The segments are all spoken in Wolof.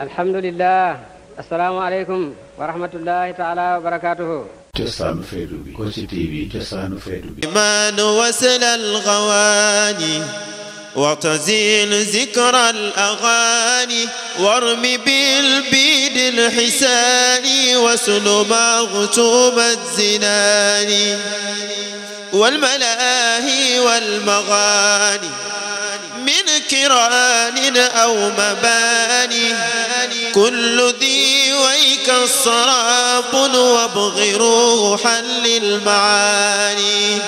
الحمد لله السلام عليكم ورحمة الله تعالى وبركاته جسان فيدوبي كوشي تي في جسان فيدوبي إيمان وسل الغواني وتزين ذكر الأغاني وارمي بالبيد الحساني وسل مغتوم الزناني والملاهي والمغاني من كران أو مباني كل ذي ويك الصراب وابغ حل المعاني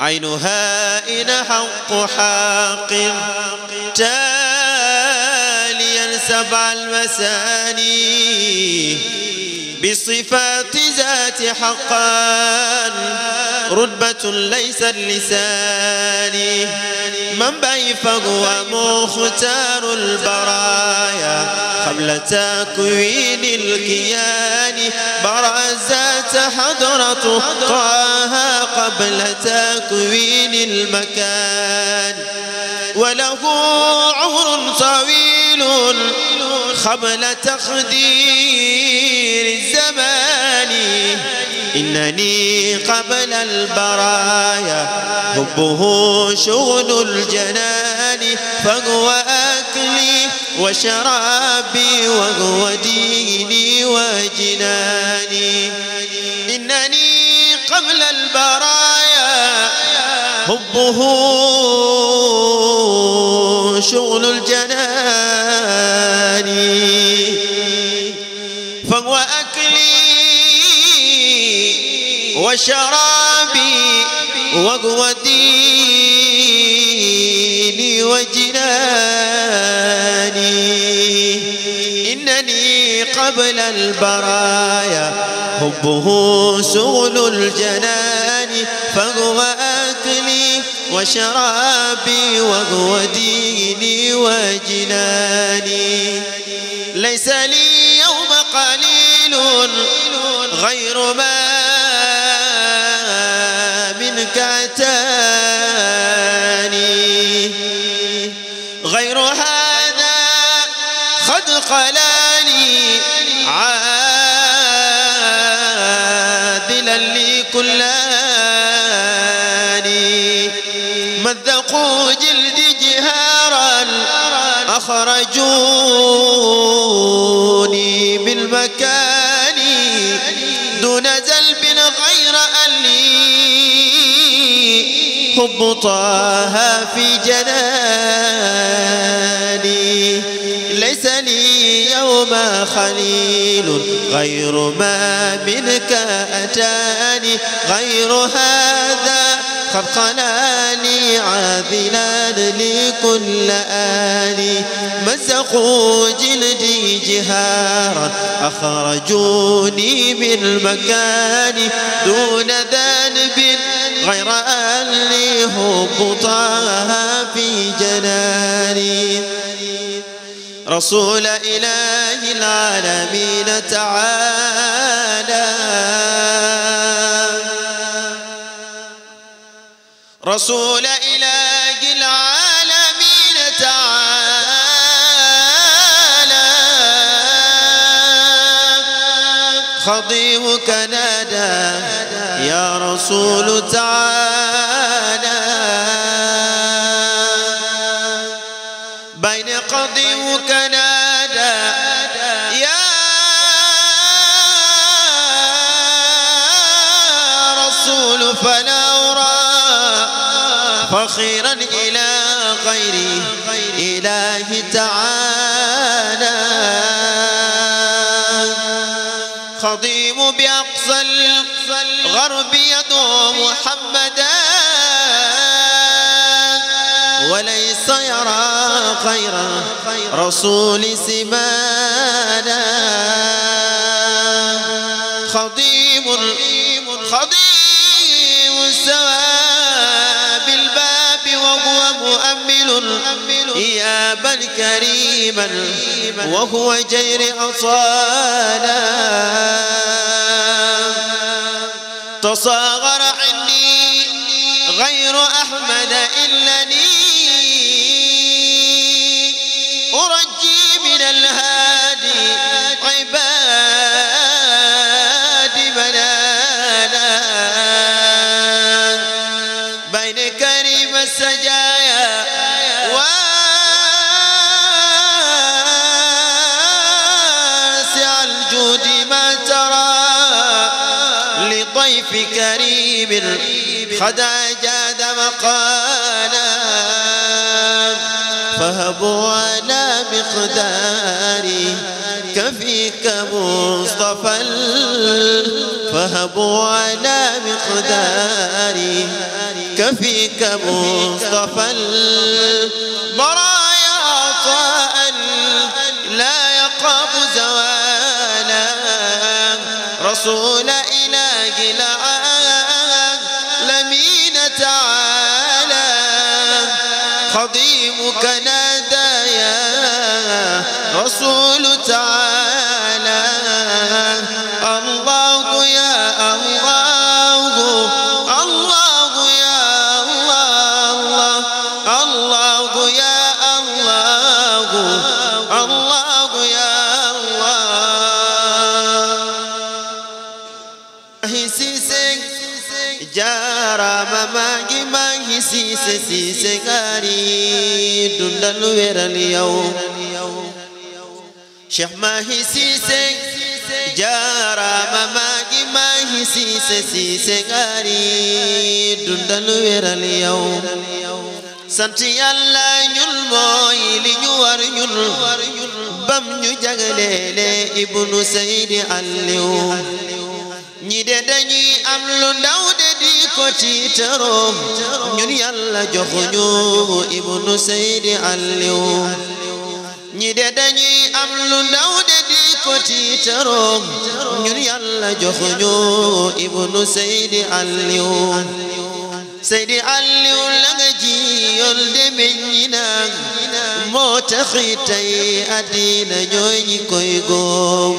عينها إن حق حاق تاليا سبع المساني بصفات ذات حقان رتبة ليس لساني من بي فهو مختار البرايا قبل تكوين الكيان برزت حضرة طه قبل تكوين المكان وله عمر طويل قبل تخدير إنني قبل البرايا حبه شغل الجنان فهو أكلي وشرابي وهو ديني وجناني إنني قبل البرايا حبه شغل الجنان وشرابي وهو ديني وجناني إنني قبل البرايا حبه سغل الجنان فهو أكلي وشرابي وهو ديني وجناني ليس لي يوم قليل غير ما الكلاني مذقوا جلد جهارا أخرجوني من مكاني دون زلب غير ألي لي حب طه في جناني ليس لي يوم خليل غير ما منك أتاني غير هذا قد قلاني عاذلا لكل آلي مسقوا جلدي جهارا أخرجوني من مكاني دون ذنب غير أن لي هبطاها في جناني رسول إله العالمين تعالى رسول إله العالمين تعالى خضيبك نادى يا رسول تعالى فخيرا إلى غيره إله تعالى خضيم بأقصى الغرب يدعو محمدا وليس يرى خير رسول سمانا مؤمل يا بل كريما وهو جير أصالا تصاب بكريم قد أجاد مقالا فهبوا على مقداري كفيك مصطفى فهبوا على مقداري كفيك مصطفى الرسول تعالى الله يا الله الله يا الله الله يا الله الله يا الله هسيسك جارا مما جما هسيسك هسيسك غاري دندن ويرن يوم Cheikh Mahi Cissé jaaraama maa ngi Mahi Cissé ngaari dundal wéral yow sant yàlla ñun mooy li ñu war ñun bam ñu jagaleele ibnu saydi alliw ñi de dañuy am lu ndaw de di ko ñi de dañuy am lu ndaw de di ko tiitaroom ñun yàlla joxuñu ibnu seydi alliw seydi alliw la nga ji yool de meññi naan moo taxi tey addina ñooy ñi koy góom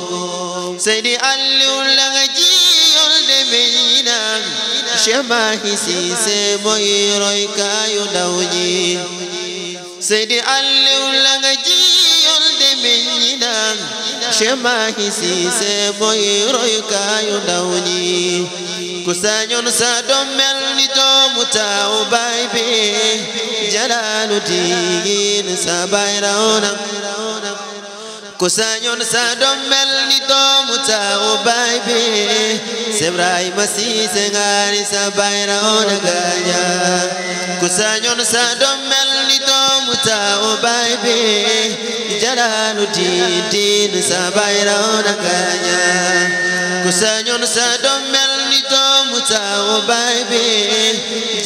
seydi alliw la nga ji yool de meññi naan Cheikh Cissé mooy roy kaayu ndaw ñi seydi alliw la ji Cheikh Mahi Cissé mooy royukaayu ndaw ñi ku sañoon sa doom ni doomu taawu baay bi jalaalu diin sa baay raw na ku sañoon sa doom mel ni doomu taawu baay bi Ibrahima Cissé ngaari sa baay raw na gaaña ku sañoon sa doom mutaw bay bi jalalu diin sa bay raw na kaña ku sañoon sa doom mel ni doomu taw bay bi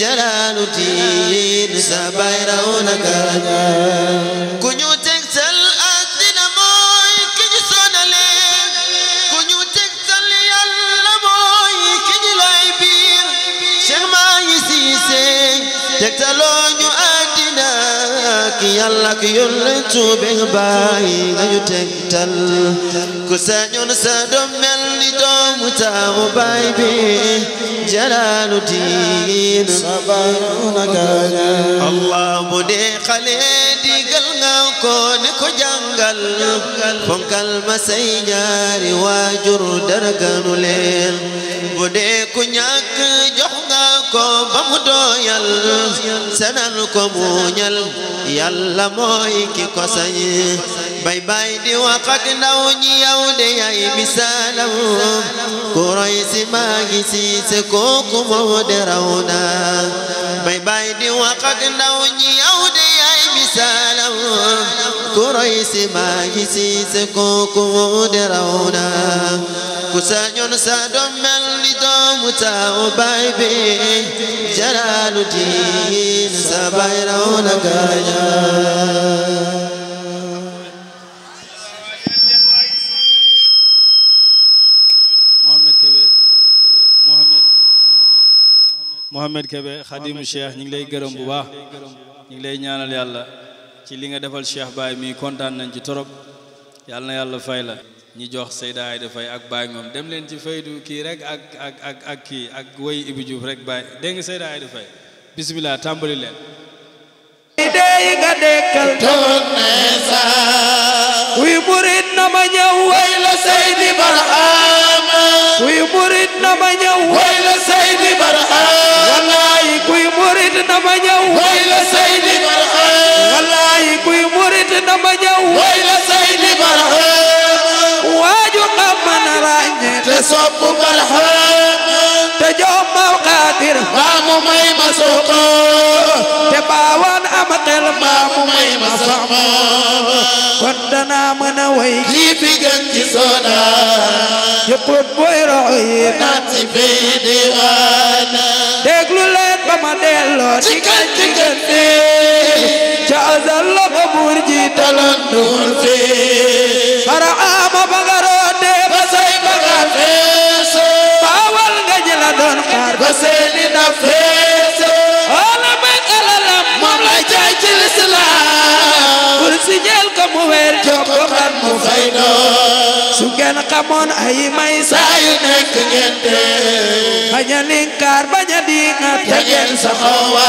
jalalu diin sa bay raw na kaña yàlla ak yonentu bi bàyyi nga ñu tegtal ku sañoon sa doom mel ni doomu taawu baay bi jalaalu diin allah mu de xale digal nga ko ne ko jàngal fonkal ma say ñaari waajur dara ganu leen bu de ku ñaar ko ba mu doyal ku roy si maa ngi siise kooku de raw na ku roy si sa doom mel وتاو بايبي جلال الدين سبايرون قايا محمد كبير محمد Mohamed Kébé xadimu cheikh ñu ngi lay gërëm bu baax ñu ngi lay ñaanal yàlla ci li nga defal cheikh baay mi kontaan nañ ci torop yàlla na yàlla fay la ñi jox Seyda Aïda ci faydu kii rek ak ak ak kuy murit na ma ñëw way la Seydi Barhama kuy murit na ma ñëw way la Seydi sopp barxam te jox maw xaatir maa mu may ma soxo te baawaan am xel maa mu may ma soxo kon danaa mën a way lii fi gën ci soona ci xut boy roxo yi naan si fii di waana déglu leen ba ma delloo ci kan ci gën di ca azal la ko buur ji talanduul fi fara feeso nga ñi la doon xaar ba seeni na feeso wala may alalam moom lay jaay ci lislaam pour si ñeel mu weer jox ko kan mu fay doon su ngeen xamoon ay may saa nekk ngeen dee bañ a linkaar bañ a dinga te ngeen saxoo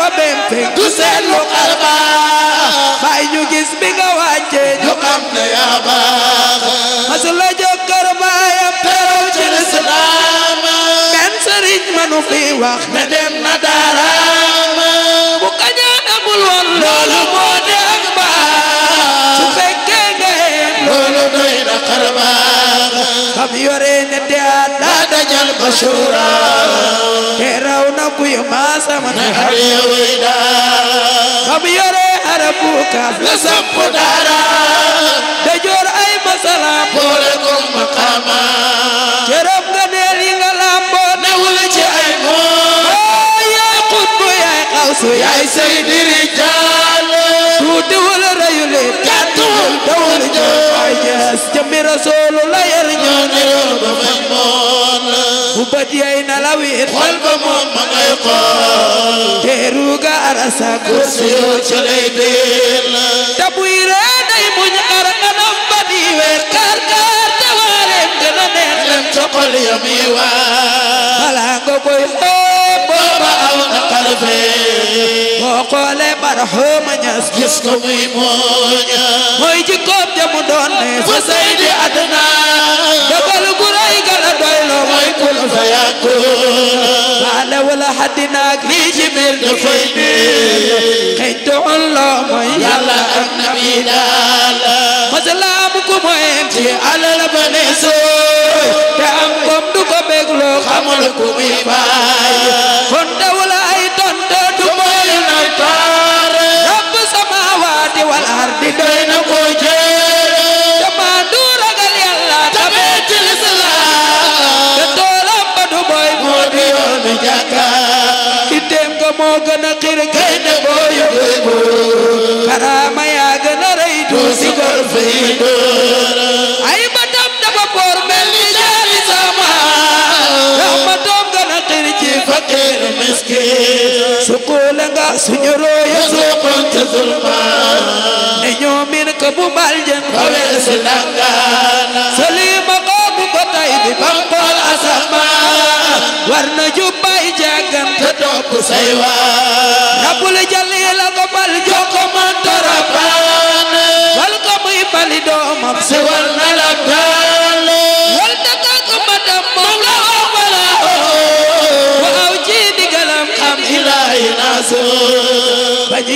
fa benn te du lu xar baax bay gis bi nga wàcce ñu xam ne yaa baax masula jóg kër baayam teral ci lislaam benn sëriñ manu fi wax ne dem na daaraam bu kañaan amul woon loolu moo de loolu doy na xarbaax xam yore ne te daa dajal basuura te raw na kuy maasama na xar yewey daa xam yore arabu kaaf la sapp daara da joor ay masala boole ko maqaama ceram nga neel yi nga lamboo newul ci ay moom yaay xutbu yaay xawsu yaay saydi rijaal tuutiwul rayuleen dawar ñoos jambi rasuulu la yar ñoon yoon ba may moon bu bët yay na la wiir xol ba moom ma ngay xool teeru ga arasa kursi yoo ci lay deel ta buy ree day muñ ar anam ba di weer kar kar te waareem gën a neex leen soxol ya mi waa balaa nga koy xool boo xoolee marxuum ñas gis ko muy mooña mooy jikkoom ja mu doon ne fa say di adna dogal gu rëy ga la doy loo mooy kun fa yakun xaale wala xaddina ak lii ci biir dafay biir xëy doon loo mooy yàlla ak nabi daal masalaam ku moyen ci alal ba ne sooy te am koom du ko bég loo xamul ku muy baay di doy na ko jéem. jamaa du ragal yàlla. tamit ci lislaam. te toolam ba du boy. moo di yoonu jàkka. itteem ko moo gën a xir kay ne boo yëgee buur. karaama yaa gën a rëy. tuuti ko fii door. ay batam dafa boor mel ni jaali sama. ndax batam gën a xir ci fakkiir miskin. su kuule nga suñu rooyee. soo ko ca zulma. bu bal jën si nangaana salima kooku ko tay bi bankool asamaan war na jubbay jàggam te topp say waan rabbul jalila ko bal joko man tarabaan wal ko muy bali doomam si war na la baale wal daka ko madam moom la oom wala oom waaw am ilaahi naasoo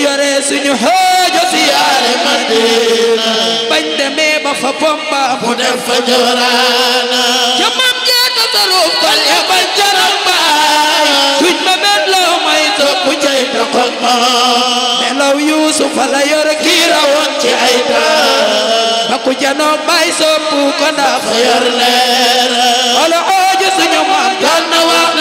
yore suñu xoojo si yaare Madina bañ demee ba fa pompa mu def fa joraana ca mam jee tasaruf kol ya bañ jaram baay ma met la yore kii ku janoo bay soppu ko ndax fa yor leera wala xoojo suñu maam daan na wax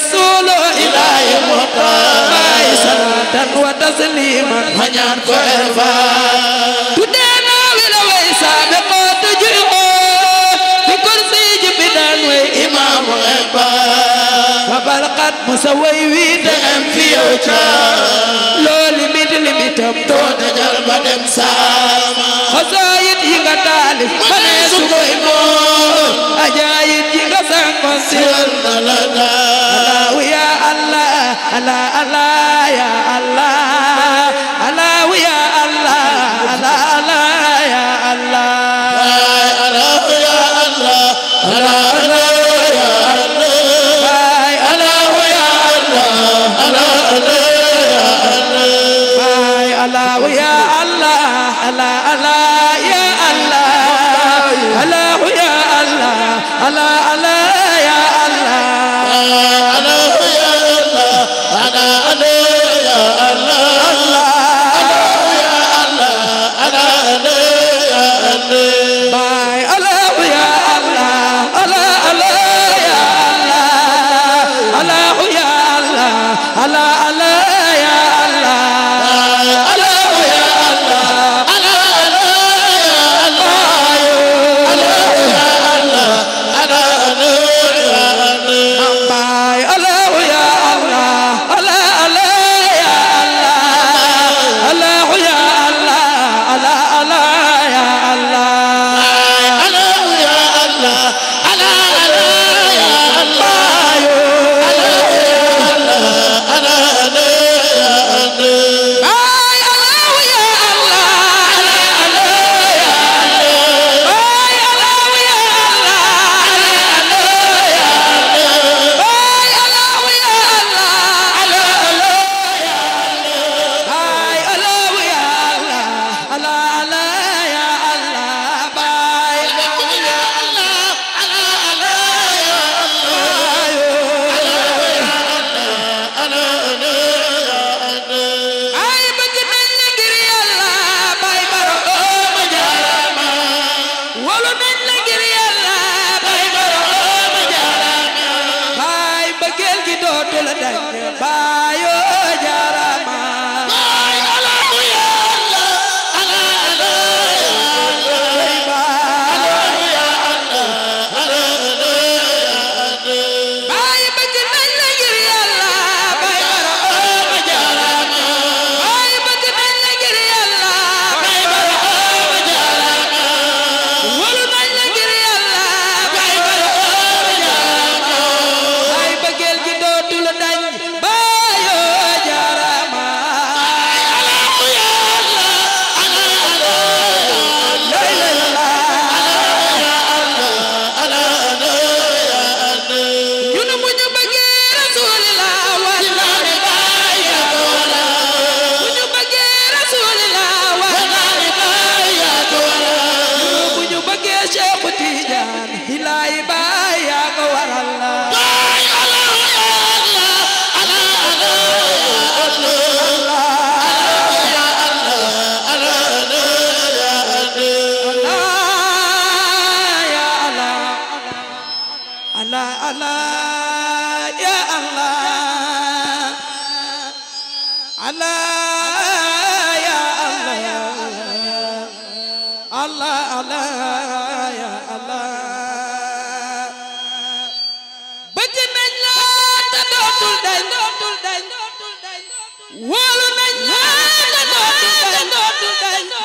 رسول إله مطاع بايسا وتسليما هنيان كويفا تدانا ولا ويسا بقوت جئو في كرسي جبدان وإمام إبا فبرقت مسوي ويدهم في وجا لولي مثل متم تود جلب دمسان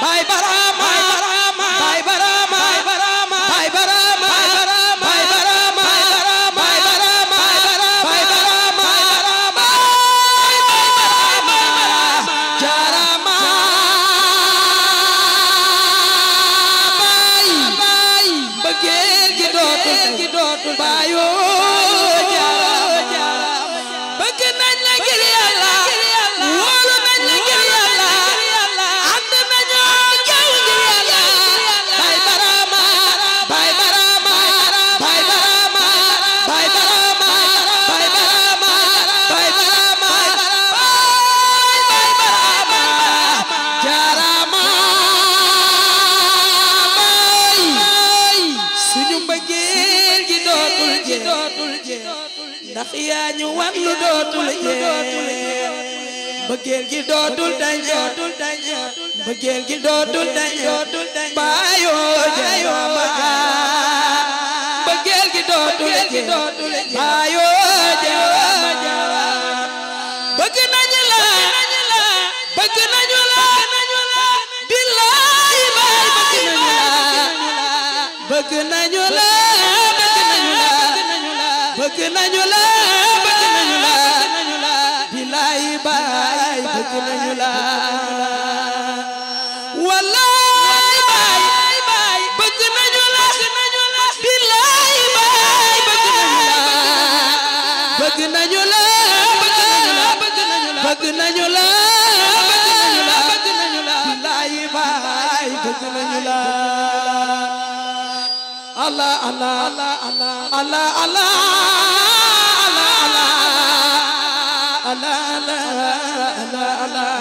Ai, barama! Ai, barama. lu dootul yee bëggeel gi dootul dañ dootul dañ bëggeel gi dootul dañ dootul dañ baayoo jaayoo bëggeel gi dootul gi dootul baayoo bëgg nañu la bëgg nañu la bëgg nañu la ay baay bëgg nañu la wallaay nañu la لا لا لا لا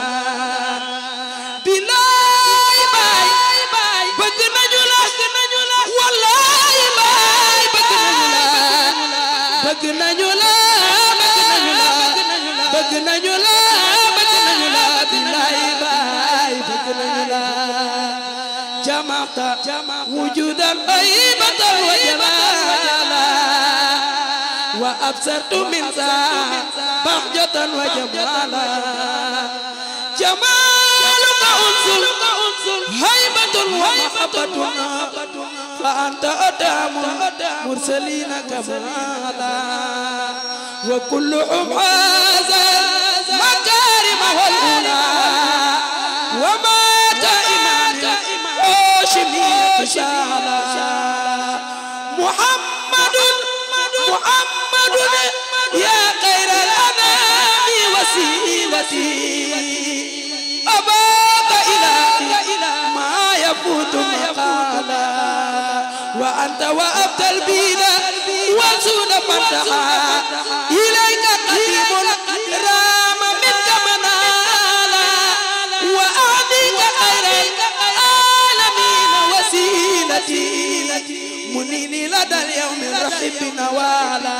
وجود الغيبة وجمالا وأبصرت من ساعة بهجة وجمالا جمالك أنزل هيبة ومحبة فأنت أدام مرسلين كمالا وكل هذا مكارمه الأولى وما دائما هاشمي تشاء مصيبتي أبات إلى ما يفوت مقالا وأنت وأبت البينا وزون فتحا إليك كوني لدى اليوم الرحيم نوالا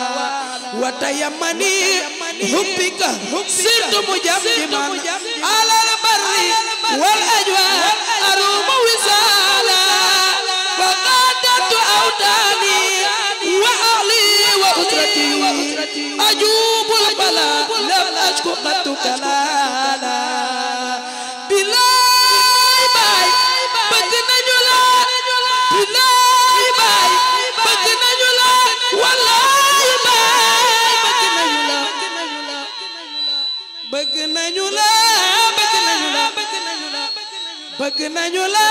وتيمني حبك صرت مجمجما على البر والأجواء أروم وسالا فقادت أوداني وأهلي وأسرتي أجوب البلاء لم أشكو قد كلالا بلاد wallaahi baay bëgg nañu la bëgg nañu la bëgg nañu la bëgg nañu la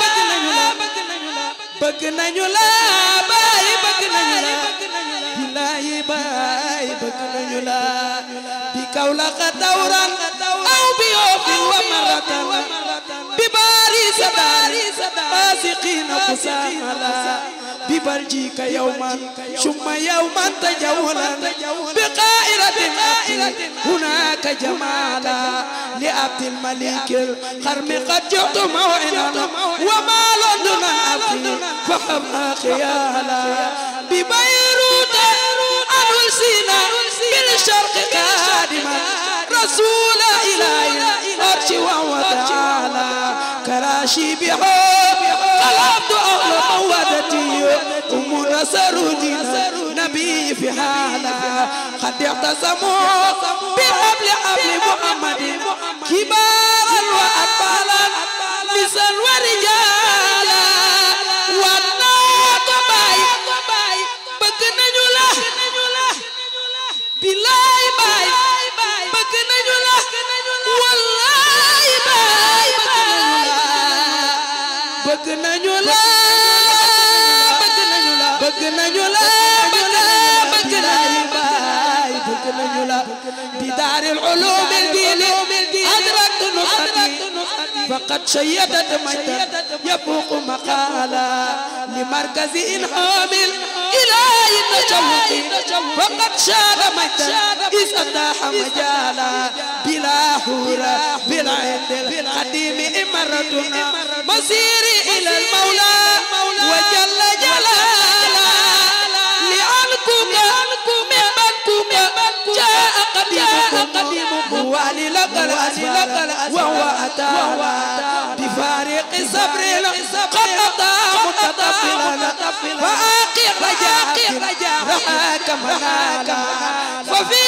bëgg nañu la bëgg nañu la bëgg nañu la baay bëgg nañu la billaahi baay bëgg nañu la bi Kawlax dawran aw bi Yoffin wa maratan bi Paris sadar asiqiina kusaamala ببرجيك يوما ثم يوما تجولا بقائلة هناك جمالا لعبد الملك القرم قد جئت موعدا وما لندن أبي فحما خيالا ببيروت أنو سينا بالشرق قادما رسول إلهي أرشي وتعالى كراشي بحب العبد أهل مودتي أم نصر نبي في حالة قد اعتصموا بحبل حبل محمد كبارا وأطفالا نساء ورجالا bëgg nañu la bëgg nañu la bëgg nañu la bëgg nañu la bëgg nañu la di daaril ulum diine فقد شيدت ميتا يفوق مقالا لمركز إنعام إلهي تشوقي فقد شاد ميتا إذا أتاح مجالا بلا حورة بلا عدل القديم إمرتنا مصيري إلى المولى وجل قديم هو للقل أسفل وهو أتى بفارق صبر قد متطفلا فآقر رجاء رحاك مناك ففي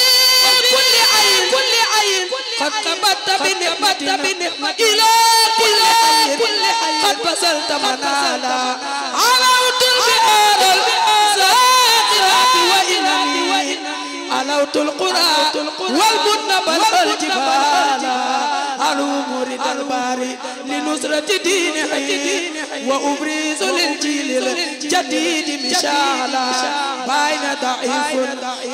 كل عين كل عين قد تبت بنعمة بنعمة إلى كل عين قد بذلت منالا على وتر بحار البحر علوت القرى والبن بل الجبال علو مريد الباري لنصرة دينه وأبرز للجيل الجديد مشالا بين ضعيف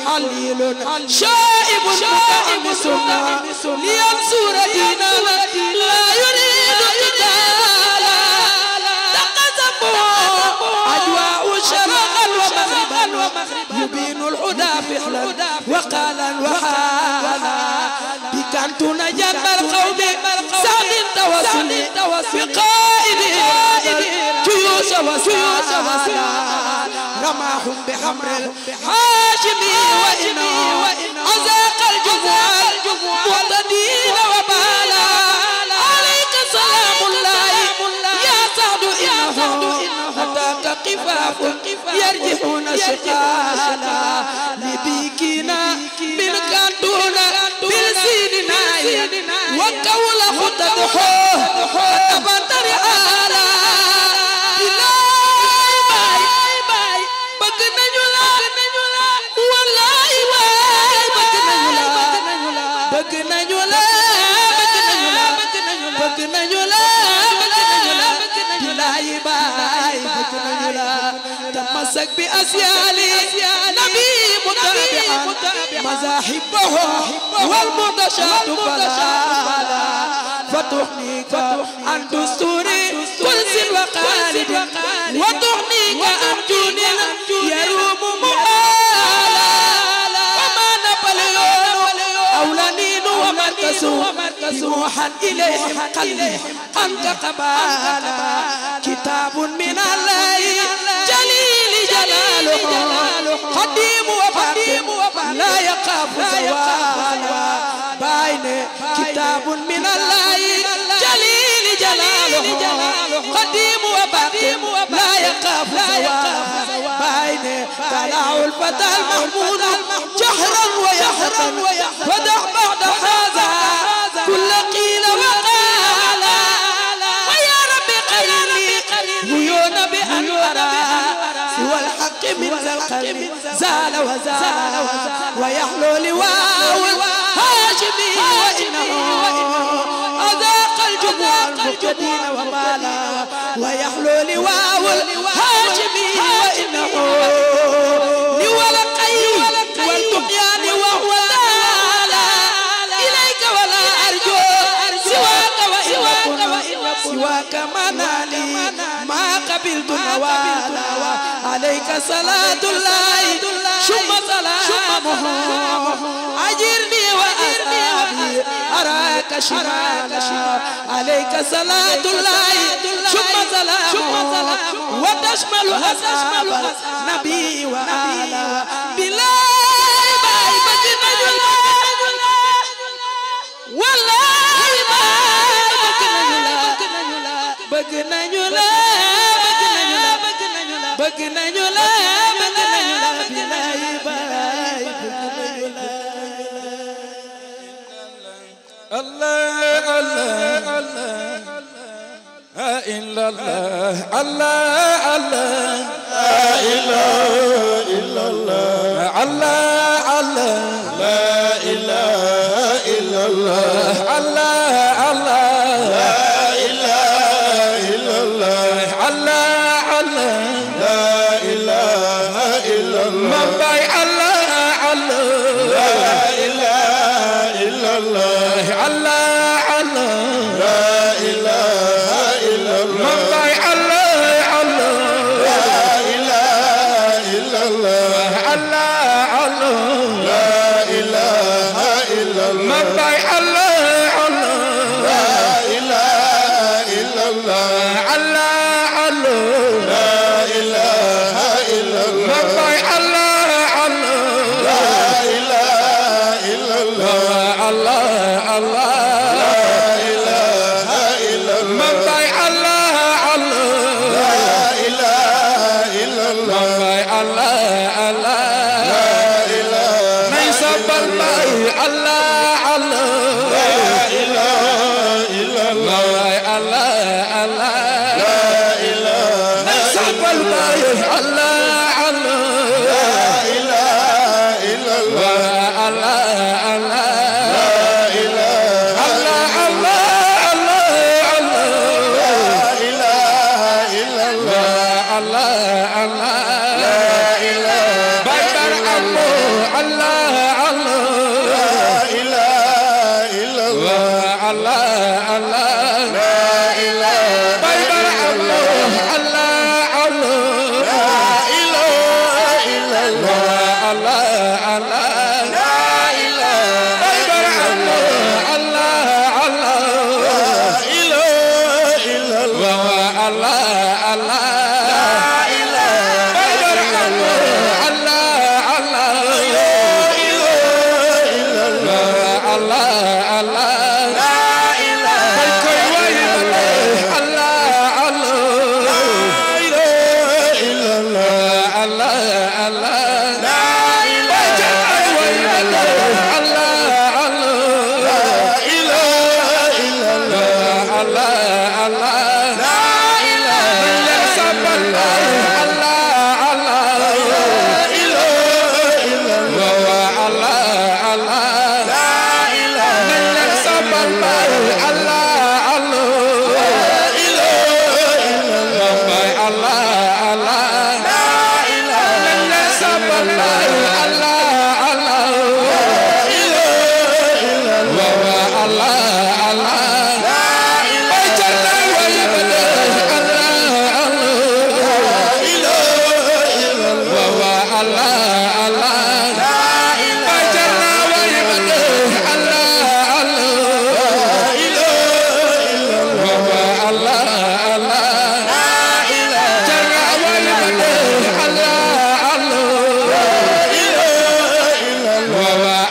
حليل شائب مقام سنة لينصر ديننا لا يريد قتالا تقذفه أجواء الشرق المغرب يبين الهدى في الهدى وقالا وحالا بكنت جنب القوم سالم توسل بقائد جيوش وسعد رماهم بحمر الحاشم وإن عزيز وقفاف يرجعون سقالا لبيكنا من كانتونا بالسيننا وقول خطبهم امسك باسيالي نبي متابعا مذاهبه والمنتشات فلا فتحنيك عن دستوري كنز وقالب وتحنيك عن جون يروم مؤالا وما نبليون أولانين ومركز نوحا إليهم قلبي أنت قبالا كتاب من الله قديم وباقٍ لا يخاف زوالها باين كتاب من الله جليل جلاله قديم وباقٍ لا يخاف زوالها باين طلع الفتى المحمود جهرا ويحرا ودع بعد هذا كل قيل وقال من القلب زال وزال ويحلو لواء الهاشمي وإنه أذاق الجموع المقتدين وبالا ويحلو لواء الهاشمي وإنه سواك منالي ما قبلت نوالا عليك صلاة الله ثم صلاة أجرني وأثابي أراك شرالا عليك صلاة الله ثم صلاة وتشمل أصحاب نبي وآلا بلا والله ما بكنا بكنا بكنا bëgg nañu la bëgg nañu la bilaay baay bëgg nañu la Allah Allah Allah illa Allah Allah Allah illa illa Allah Allah Allah la ilaha illa Allah Allah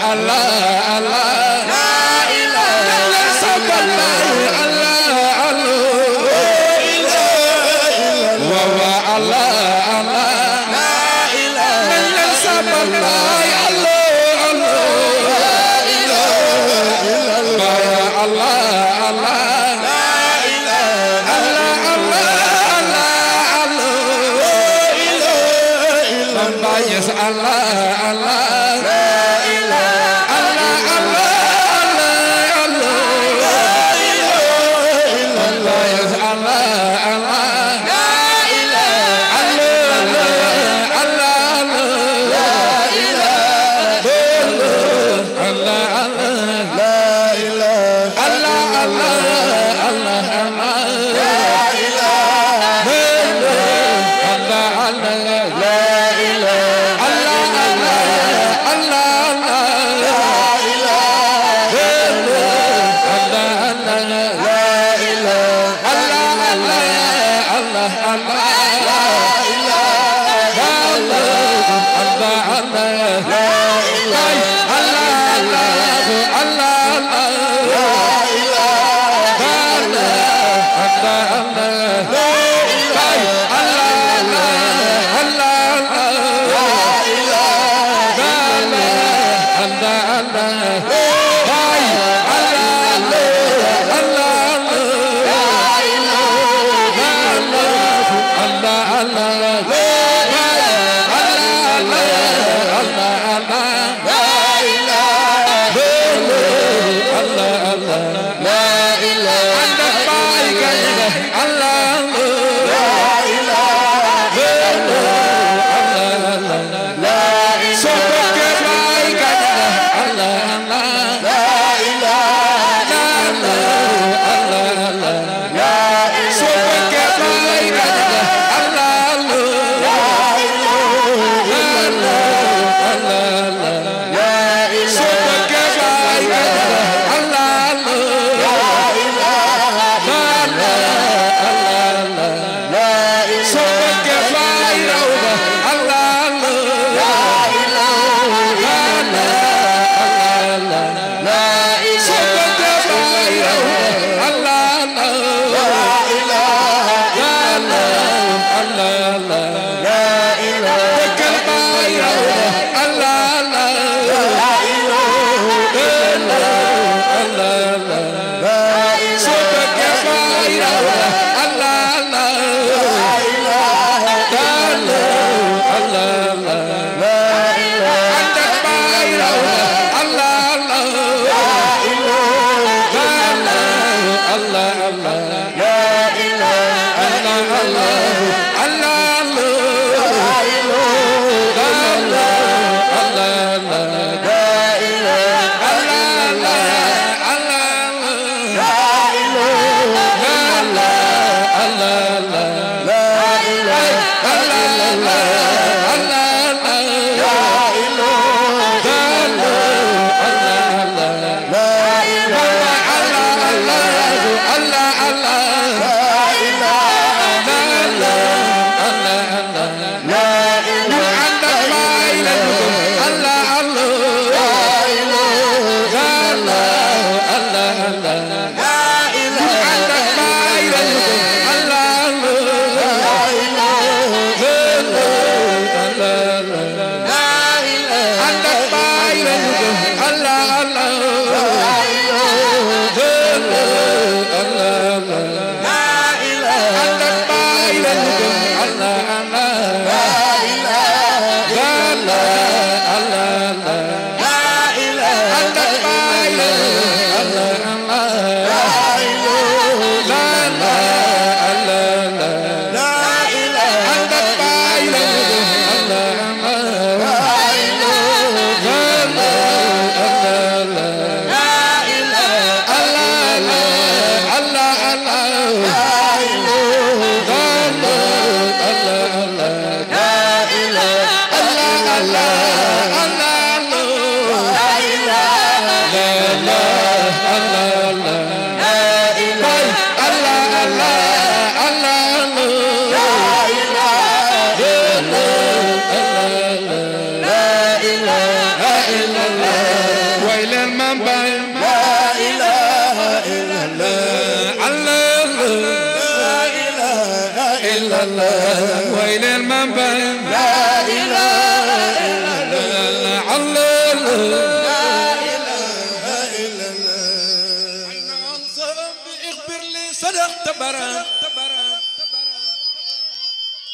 Allah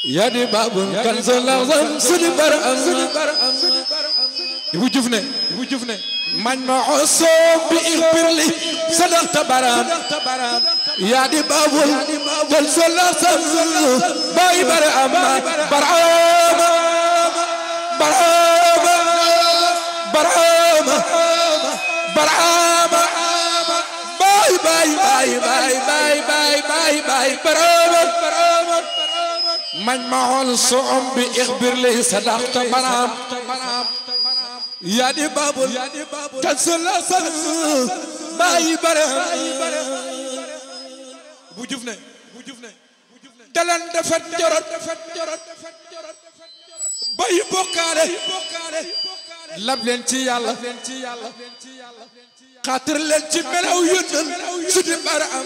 yaa di baabul kan sa laxam sunu bar am Ibou Diouf ne Ibou Diouf ne man ma xosoo bi ixbirli sadax tabaraan yaa di baabul kan sa laxam baay bar am baraama baraama baraama baraama baay baay baay baay baay baay baay baraama من معول صعم بإخبر لي صدقت منام يا دي بابل تنسل أصل باي برم بوجفنا دلن دفت جرد باي بوكاري لبلن تي يالا خاطر لن تي ملو يدن سدي برام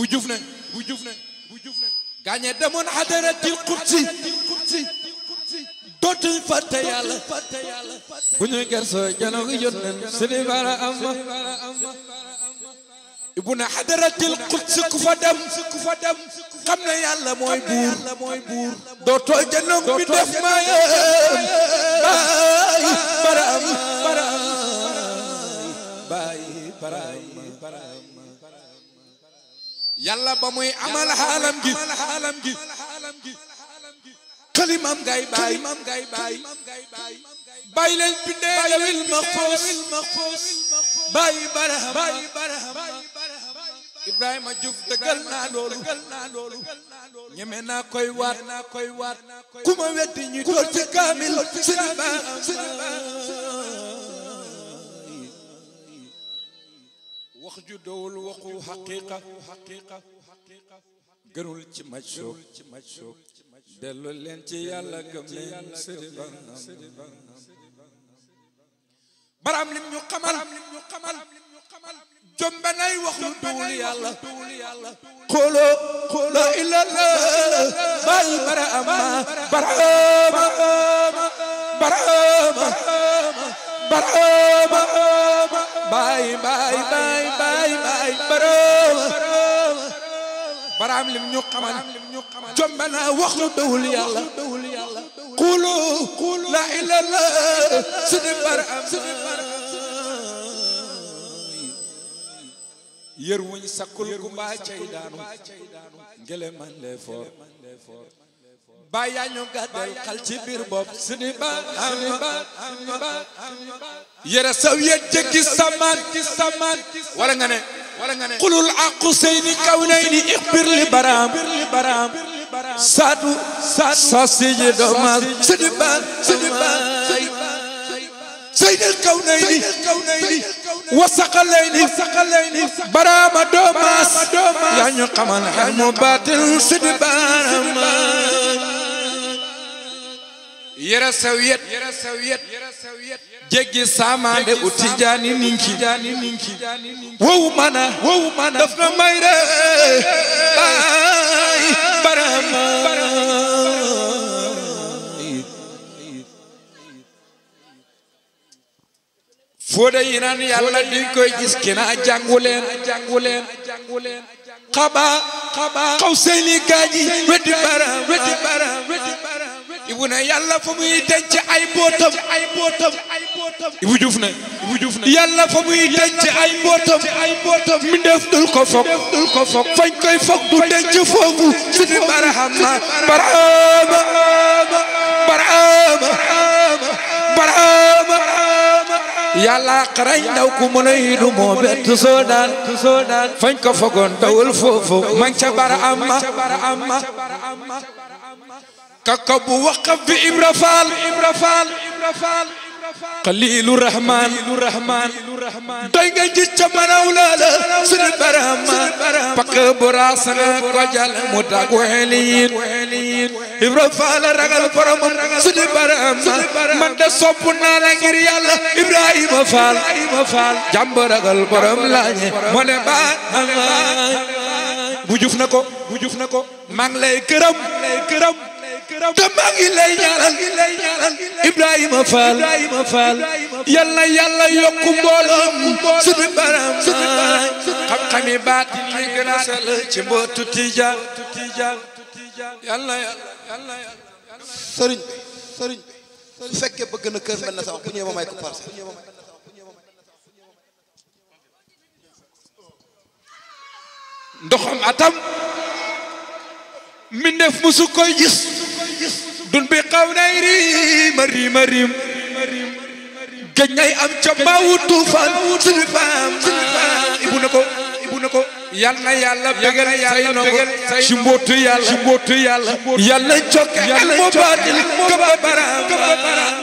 bu juf ne bu juf ne bu juf ne gaañe demoon xadaratil qudsi dootuñ fàtte yàlla bu ñuy gerso jano gi yónnen sëriñ bara amma bu ne xadaratil qudsi ku fa dem ku fa dem xam ne yàlla mooy buur dootoo janoog bi def maayam baay bara am bara am baay bara am yàlla ba muy amal xaalam gi xaalam gi xalimam ngay baay bàyyi leen bindee lawil ma xoos bàyyi barahama ibrahima juf dëggal naa loolu ñeme naa koy waat kuma weddi ñi dool ci kaamil sini baax wax ju dowul waxu xaqiqa gënul ci majjub dellu leen ci yàlla gëm leen sëribanam baram lim ñu xamal jombe nay wax lu dowul باي باي باي باي باي برام برام لم نقمان جمنا وخلو دول يلا قولوا قولوا لا إله إلا سيدي برام يروي سكول كما تشيدانو ngeleman le ba yañu gàddal xal ci biir bopp suni ba suni ba suni ba yere saw yet jëkki samaan ki samaan wala nga ne wala nga ne xulul aqu seyni kaw nay ni ixbir li baraam baraam saatu sa siji doomaas suni ba suni ba seyni kaw nay ni wasaqalayni wasaqalayni baraama doomaas yaa ñu xamal xel mu baatil suni baraam yera sawiyet yera sawiyet yera sawiyet sama de o tijani ninki jani ninki wo mana wo mana dafna mayre bay barama fode yinan yalla di ko gis kina jangulen jangulen jangulen qaba qaba qawsayni gaji wedi bara wedi bara wedi bara Ibou yàlla fa muy denc ay bootam ay bootam ay bootam Ibou Diouf ne Ibou Diouf ne yàlla fa muy denc ay bootam mi def dul ko foog dul ko foog fañ koy foog du denc foogu sidi barahama barahama barahama barahama yàlla xarañ ku mën a yidu moo bett soo daan soo daan fañ ko fogoon dawul foofu man ca barahama kaka bu waqaf bi Ibra Faal Ibra Faal Ibra Faal Xaliilu doy nga ji ca manaw la la sunu barama pak bu raasana ko jal mu tag weliin Ibra Faal ragal boromam sunu barama man de sopp naa la ngir yàlla Ibrahima Faal jàmb ragal borom laañe mo ne ba bu bu juf na ko maa ngi lay gërëm lay te maa ngi lay ñaanal Ibrahima Fall yal na yàlla yokk mbooloom suñu baram xam-xami baat yi gën a sell ci mbootu Tijaan yal na yàlla sëriñ sëriñ su fekkee bëgg na kër mel na sax bu ñëw ma may ko parce ndoxam atam mbindeef musu koy gis dun bi xaw nay riim a riim a riim am ca maawu tuufaan suñu faam suñu na ko ibu na ko yal na yàlla bégal say yàlla ci mbootu yàlla yàlla jokk yàlla jokk këba baraam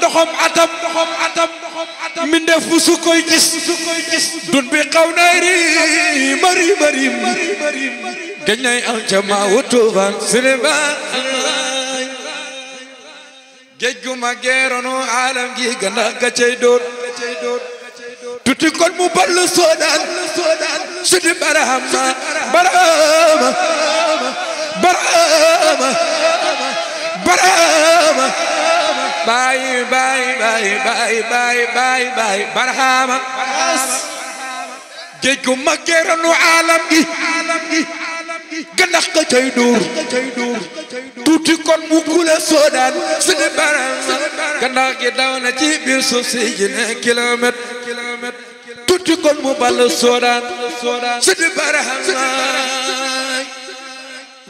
doxom atam doxom atam mbindeef koy gis dun bi xaw nay riim a riim a riim dañ nay al jamaa tuuban siriban géej gu ma geeroonu alam gi gandax ga cey dóor tuti kon mu ballu soodaan sudi barahama barahama barahama barahama baay baay baay baay baay baay baay barahama géej gu ma geeroonu alam gi gëndax ka cay dóor tuuti kon mu kula soodaan suñu baram gëndax gi daw na ci biir suuf si ji ne kilomètre tuuti kon mu ball soodaan suñu baram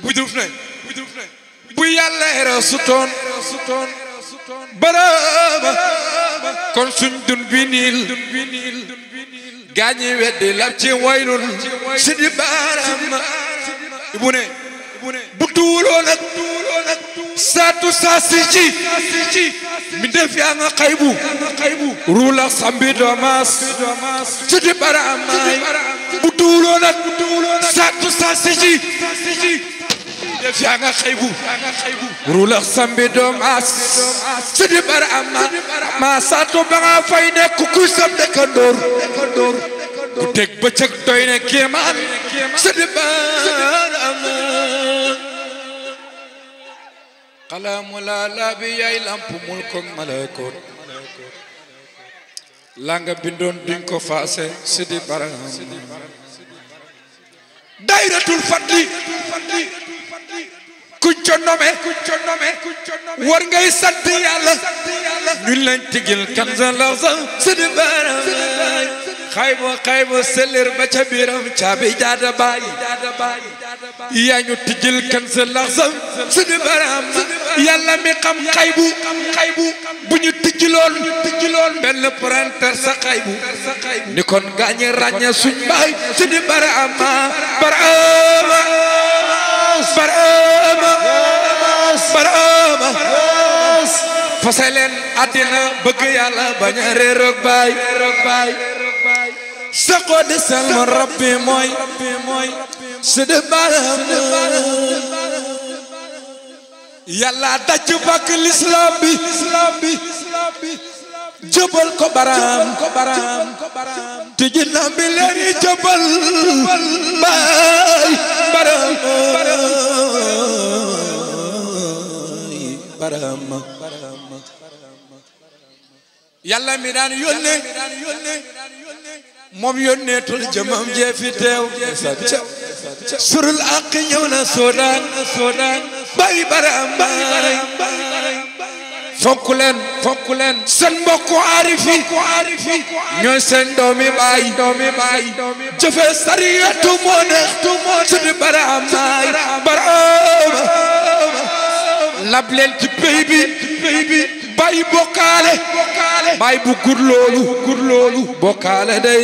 bu bu yàlla era sutoon barama kon suñ dun bi niil gaañi weddi lab ci waylun suñu baram mu ne bu duwuloon saatu saasi ji mi def yaa nga xaybu ruula sambi doomaas ci bara amaay bu saatu saasi ji def yaa nga xaybu ruula sambi doomaas ci di bara amaay maa saatu ba fay nekk kuy sam dëkkandoor teg bëccëg doy na kéemaan sa dibaar amaan xalaamu laa laabi yaay lamp mul koog malakoot bindoon duñ faase si di baram dayratul fadli ku ca nome war ngay sant yàlla ñu lañ tigil kan sa law sa sunu baram xayma xayma sëlër ba ca biiram caabi jaada bàyyi yaa ñu tigil kan sa law sa sunu baram yàlla mi xam xaybu xaybu bu ñu tijiloon tijiloon benn printer sa xaybu ni kon gaañi ràññe suñ baay sunu barama barama barama fase leen àddina bëgg yàlla bañ a réeroog baay sa ko di selma rabbi mooy su di baayam yàlla daj bàkk lislaam bi jëbal ko baraam tijji na bi leen yi jëbal baraam yàlla mi daan yónnee moom yónneetul jëmam jee fi teew surul àq ñëw na soodaan soodaan bay baram bay fokk leen fokk leen seen mbokku aarifi ñooy seen doomi baay doomi baay jëfe sariyatu moo neex tu moo sunu baram baay baram lab leen ci pays bi pays bi bàyyi bokkaale bàyyi bu gur loolu gur loolu bokkaale day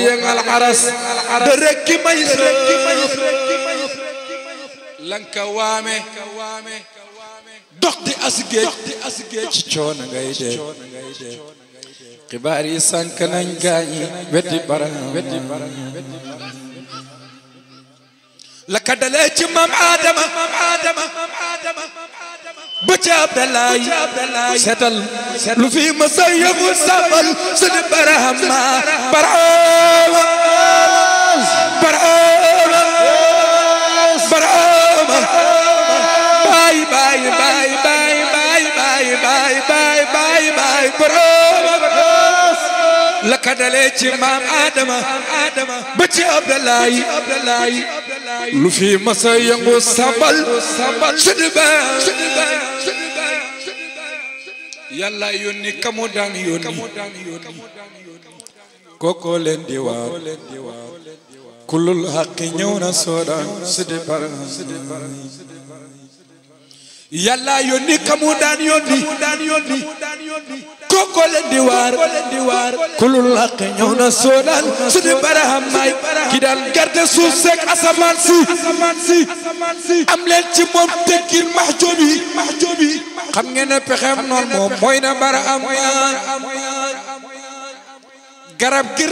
da rek may sëf lan ka waame dox di yi sànk nañ gaañi weddi baram la ka dalee ci maam بجا بلاي ستل لفي مسيب سبل سن برهما برهما برهما برهما باي باي باي باي باي باي باي باي باي باي برهما لك دليتي مام آدم آدم بجا بلاي بلاي لفي مسيب سبل سن برهما yàlla yónni kamu daan yónni kookoo leen di waar kulul xaqi ñëw na soodaan si di yàlla yónni kamu daan yónni kooku leen di waar kulul làq ñëw na soodaan suñu baraham may ki daan garde suuf seeg asamaan si am leen ci moom tekkil maxjoob yi xam pexem noon moom mooy baraham garab gi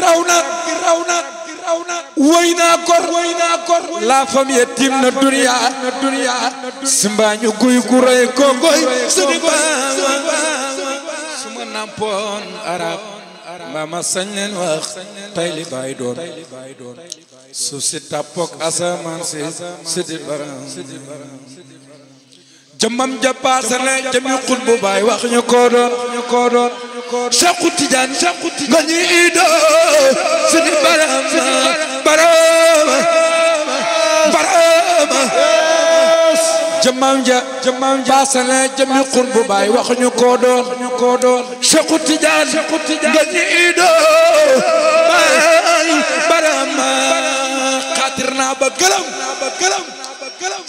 woy naa gor la famille tim na dunya simbaañu guy gu rëy kokoy sëni baama suma nampoon arab mama sañ leen wax tey li baay doon suuf si tàppook asamaan si si di baram jëmmam ja paase na jëmmi xut bu wax ñu ko doon ñu ko doon Seexu Tijaan idoo suñu baram baram na wax ñu ko doon ba gëlëm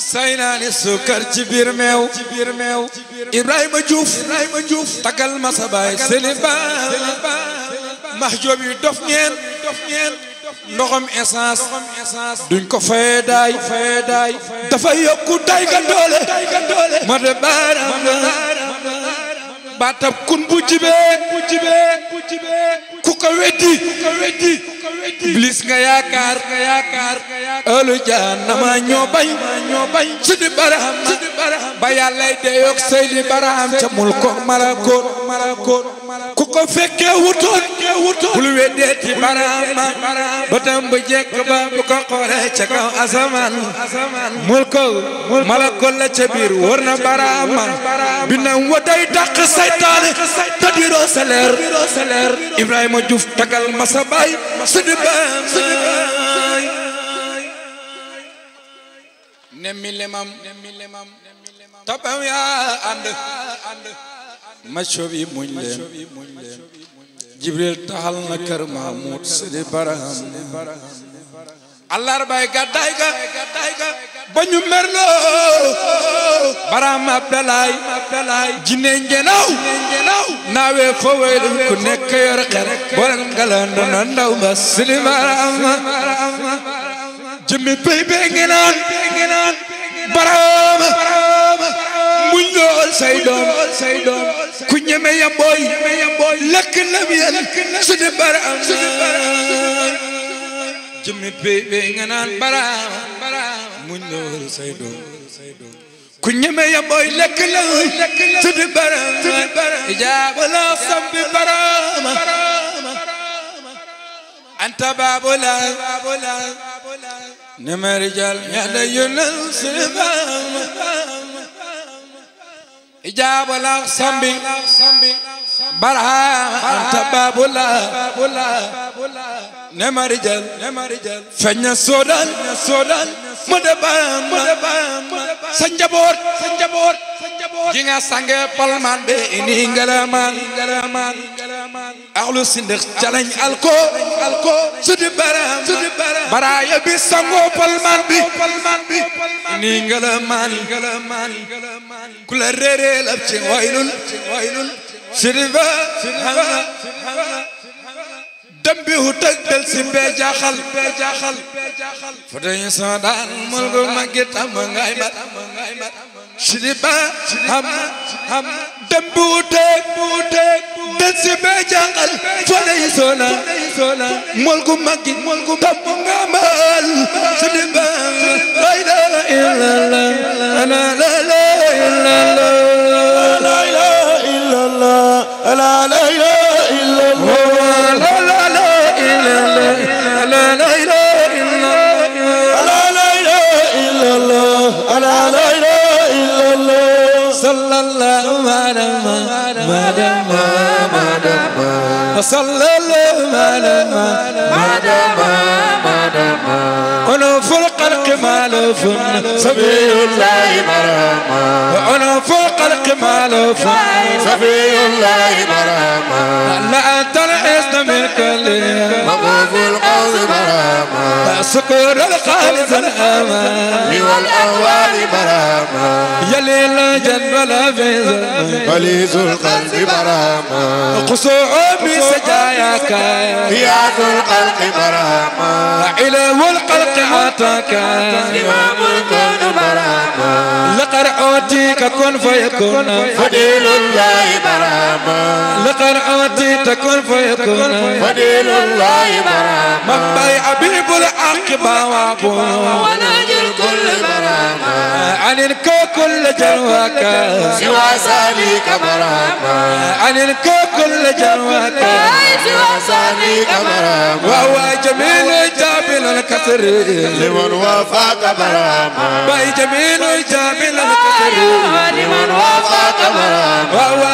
say naa ni suukar ci biir meew ci biir meew Ibrahima Diouf Ibrahima Diouf tagal ma sa baay seli ba max joob yi dof ko fayee daay fayee ma de baaraam la baatab kun bu jibee bu jibee ku ko weddi ku weddi iblis nga yaakaar nga yaakaar ëllu jahannama ñoo bañ ñoo bañ si di ba yàllay deyoog sëy di baraam ca mul ko malakoon malakoon ku ko fekkee wutoon bul weddee ti baraama ba tam bu jekk ba bu ko xoolee ca kaw asamaan mul ko malakoon la ca biir war na baraama binam wa day dàq saytaane te diroo Ibrahima Diouf tagal masa baay sëñ baay nemmi lemam tabaw yaa ànd macho bi muñ leen jibril taxal na kër baraham allar bay gàddaay ga ba ñu merloo baram abdalaay jinne ngenaw naawe fowee lu ku nekk yor xer booleel ngalanda na ndaw ba silimaram jëmmi pey bee ngenaan baram muñ lool say doom ku ñeme yambooy lekk lëb yen su di baram jëmmi pey pey nga naan baraama muñ la wër say doom ku ñeme ya booy lekk la tuddi baraama ijaaba la sambi baraama anta baabu laay neme rijal ñaada yonal sunu baama ijaaba la sambi برها أنت باب الله نمرجل فن سودان سودان مدبام سنجبور سنجبور جينا سانغ بالمان بي إني إنجلمان أغلو سندخ جلن ألكو ألكو سودي برام سودي برام برايا بي سانغو بالمان بي بالمان بي إني إنجلمان إنجلمان كل ريري لبجي ويلول ويلول siriba hanga dambi hutak del simbe jaxal be jaxal fodayi sodan mulgo magge tamba ngay bat siriba ham ham dambi hutak hutak del simbe jaxal fodayi sodan mulgo magge mulgo tamba ngamal siriba la ilaha illallah la ilaha illallah لا لا إلا الله لا لا لا إلا الله لا لا إلا الله لا لا إلا الله صلى الله على ما دام ما دام صلى الله على ما دام ما دام أنا فرق الكمال سبيل الله مرام أنا جمال فن صفي الله مراما لا أنت العز من كل مغوف القوم مراما الأرقام زلامة والأهوال برامة يلي الجن في فيز غليظ القلب برامة قصوع بسجاياك يا ذو القلق برامة علم القلق عطاك إمام الكون برامة لقرعوتك كن فيكون فديل الله برامة لقرعوتي تكن فيكون فديل الله من بيع بالعقبة وابوه وناجر كل براما عن الكو كل جنوك سوى ساليك براما عن الكو كل جنوك سوى ساليك براما وهو جميل جابل الكسر لمن وافاك براما باي جميل جابل الكسر لمن وافاك براما وهو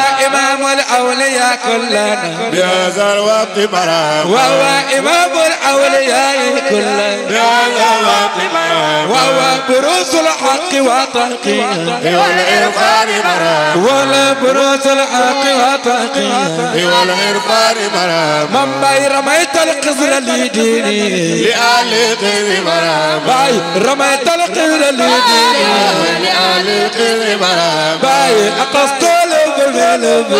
الأولياء كلنا بهذا الوقت مرام وهو إمام الأولياء كلنا بهذا الوقت مرام وهو بروس الحق وتحقيقه إيوه والإرفان مرام ولا بروس الحق وتحقيقه إيوه والإرفان مرام من باي رميت القزر لديني لآل قزر مرام باي رميت القزر لديني لآل قزر مرام باي أقصت القلب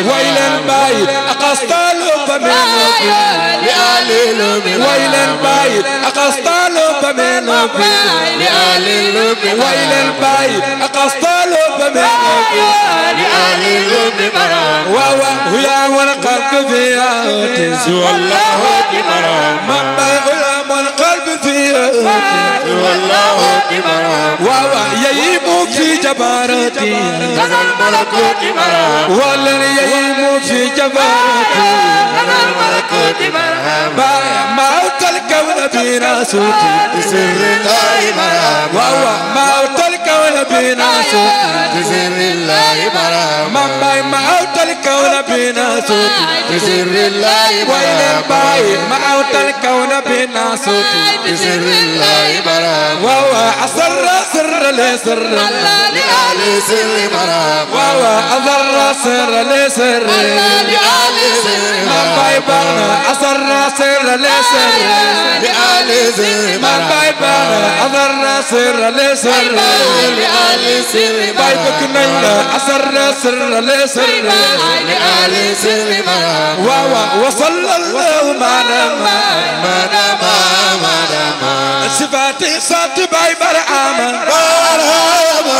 ويل البايد أقصت القلب من لآل القلب ويل البايد أقصت القلب من لآل القلب ويل البايد أقصت القلب من لآل القلب وهو يا والقلب فيها تنسوا الله أكبر من بيع القلب فيها تنسوا الله أكبر وهو يجيب في جبارتي أنا الملكوت مرام والذي يهيم في جبارتي أنا الملكوت مرام موت الكون بناسوتي بسر الله مرام وهو موت الكون بناسوتي بسر الله مرام مماي موت الكون بناسوتي بسر الله مرام وإلى الباي موت الكون بناسوتي بسر الله مرام وهو أسر سر لسر الله لآل سر مرام والله أضر سر لسر لآل سر مرام بايبانا أصر لسر لآل سر مرام بايبانا أضر سر لسر لآل سر مرام بايبك نيلا أصر سر لسر لآل سر مرام وصلى الله معنا صفاتي صوت باي برعامة برعامة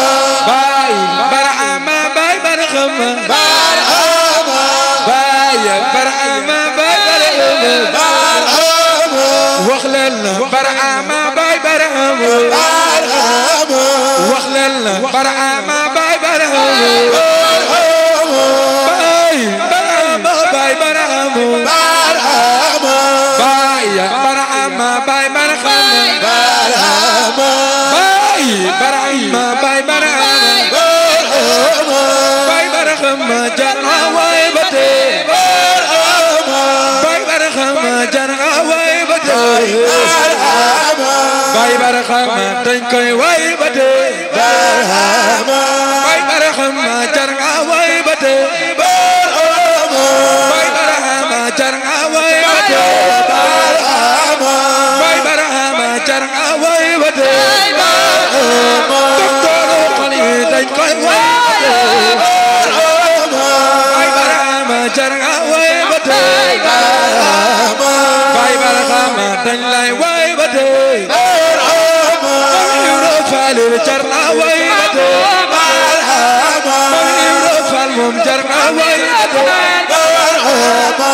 باي برعامة باي برغمة برعامة باي برعامة باي برغمة برعامة وخللنا برعامة باي برغمة برعامة وخللنا برعامة باي برغمة barahama bay barahama bay barahama jar na waay ba tey bay barahama jar na waay ba tey bay barahama dañ koy waay ba tey bay barahama jar na waay ba tey bay barahama jar na waay ba tey bay barahama jar na waay ba tey Bye.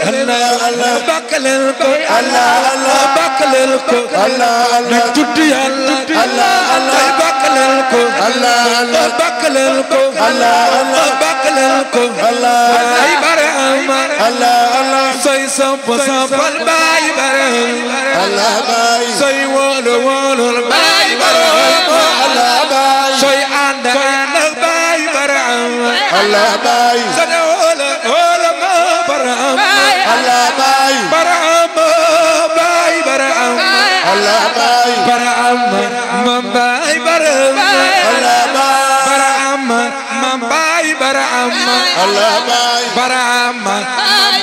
allah allah bakkalel ko allah allah bakkalel ko allah allah tuddi yàlla allah allah bakkalel ko allah allah bakkalel ko allah allah bakkalel ko allah allah barama allah allah soy samp sampal baay barama allah baay soy wolo wolo baay barama allah baay soy ànd ànd baay barama allah baay Allah bay baram mam bay baram Allah bay baram mam bay baram Allah bay baram mam